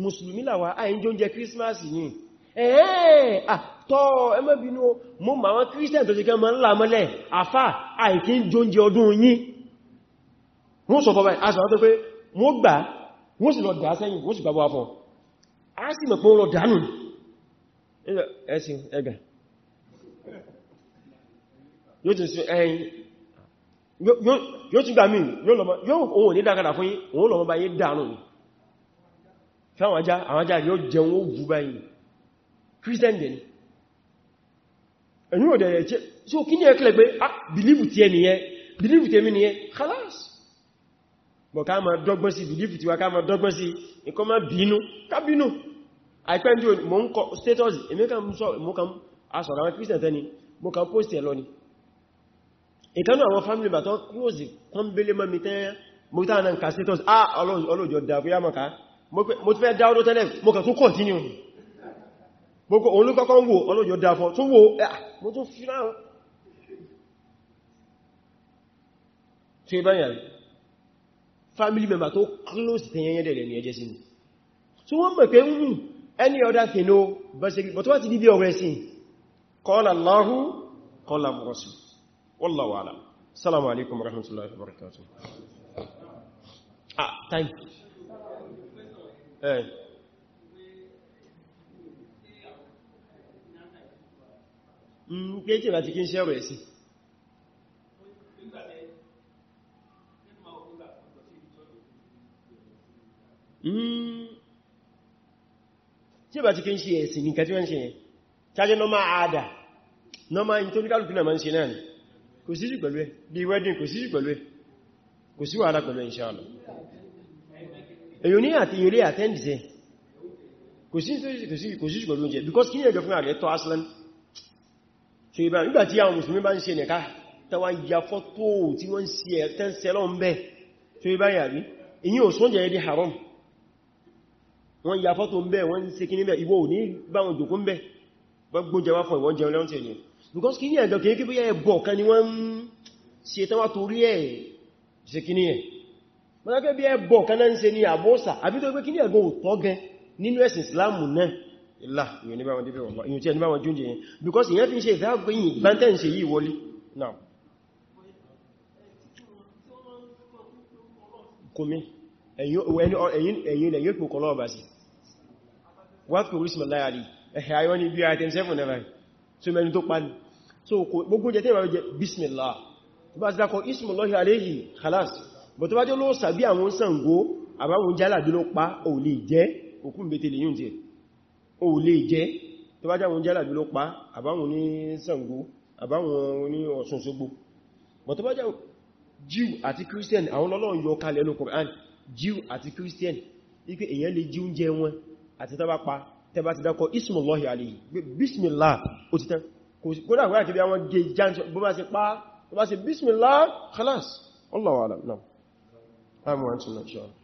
mùsùlùmí làwà àìjọ́ oúnjẹ Christmas yìí ẹ̀ẹ́ tọ́ ẹ má bínú mọ́ ma wọn kírísítẹ̀ tó ti kẹ́ mọ́ ńlá mọ́lẹ̀ àfá àìkí ń jóúnjẹ ọdún yín wọ́n sọ fọ́bá aṣọ tó pé wọ́n gbà wọ́n sì lọ dà sẹ́yìn wọ́n sì gbàbọ́ afọ́ a sì mọ̀ pé wọ́n lọ dánù ẹ̀sìn ẹgbẹ̀ yóò tún gbà mí yóò ohun ní dákàdà fún yín òun lọ mọ́ bá yé dánù fẹ́ àwọn ajá yóò jẹun ó wù báyìí kírísítẹ̀ ẹ̀yìn òdẹ̀ ẹ̀kẹ́ so kí ní ẹ̀kẹ́lẹ̀ pé ah believe ti ẹni believe ti ẹmi ni yẹn bọ̀ ká ma dọ́gbọ́n sí believe ti wa ká ma dọ́gbọ́n sí nǹkan ma bínú ká bínú àìpẹ́ ní mo ń kọ status èmi kan sọ mo asọ̀rọ̀ àwọn christian tẹ́ni mo kan post ẹ̀ lọ ni ìkanú àwọn family bàtọ́ close kan bẹ́lẹ̀ mọ́ mi tẹ́ mo tán ka status ah ọlọ́jọ́ dà fúyà mọ́ ká mo ti fẹ́ dáwọ́dọ́ tẹ́lẹ̀ mo kan tún continue gbogbo òun ló kọ́kọ́ ń wò ọlọ́jọ́ dáfọ́ tó wò ẹ́ ah, mo tó fi ráhùn tí ó bá family member tó close tí yẹnyẹ́ dẹ̀rẹ̀ ní ẹjẹ́ sí ni tí wọ́n mọ̀ pé ń hmm, hù any other thing o bẹ̀sẹ̀gbẹ̀ bọ̀ tó wá ti dídí ọ̀rẹ́ sí qala Allahu qala rasul wallahu alaikum warahmatullahi wabarakatuh ah time eh pé mm, tí ìrántí kí ń ṣẹ́rọ ẹ̀sìn tí ìbá ti kí mm, ń ṣe ẹ̀sìn nìkan tí wọ́n ṣe yẹn tàbí nọ́mà àádà nọ́mà in náà ma ń ṣe náà kò sí jù ẹ̀ bí wedding kò sí jù ẹ̀ kò sí wàhálà pẹ̀lú ìṣàlọ̀ èyàn so ibá nígbàtí àwọn musulmi bá ń ṣe nìká tàwà yàfọ́ tó tí wọ́n sí ẹ̀ tẹ́ǹsẹ̀ lọ́n bẹ́ so ibá yàrí ìyí ò sún jẹ́ ẹdí haram wọ́n yàfọ́ tó ń bẹ́ wọ́n ṣe kí níbẹ̀ ìwọ òní bá wọn jòkó ń bẹ́ gbójẹ wá fún ìwọ́n jẹun lẹ́wọ́n tẹ̀lé ni wọ́n ṣe tán wá torí ẹ̀ ṣe kí ilá ìyẹn ní bá wọn dípẹ̀ wọ́n ìyẹn tí ẹni bá wọn júnjẹ yẹn because ìyẹn fi ń ṣe ìdágbẹ̀yìn ìgbántẹ́ ń ṣe yìí wọlé náà kúmí ẹ̀yìn ilẹ̀ yóò pòkọ́ lọ́ọ̀bá sí wá kò rísmọ̀ láyàrí ẹ̀hẹ̀ ayọ́ ní bí i item 7 náà so mẹ́rin tó pani so gbogbo jẹ́ tẹ́wàá jẹ́ bismillah tó bá sílákọ̀ ismullahi alayhi khalas bọ̀ tó bá jẹ́ ló sàbí àwọn Ṣàngó àbáwọn jálàdúlọ́pá ò lè jẹ́ òkú mbẹ̀tẹ̀lẹ̀ yóò jẹ́ ó lè jẹ́ tó bá jáwọn jálàbí ló pa àbáwọn ní Ṣàngó àbáwọn ní Ọ̀ṣun Òṣogbo but tó bá jáwọn Jew àti Christian àwọn lọ́lọ́run yọ kalẹ̀ ní Qur'an Jew àti Christian ipé èyàn lè jí oúnjẹ wọn àti tó bá pa tẹ bá ti dákọ ismullahi alayhi bismillah ó ti tán kó dà wáyà tí bí àwọn gé jáǹtì bó bá ṣe pa bó bá ṣe bismillah khalas Allahu a'lam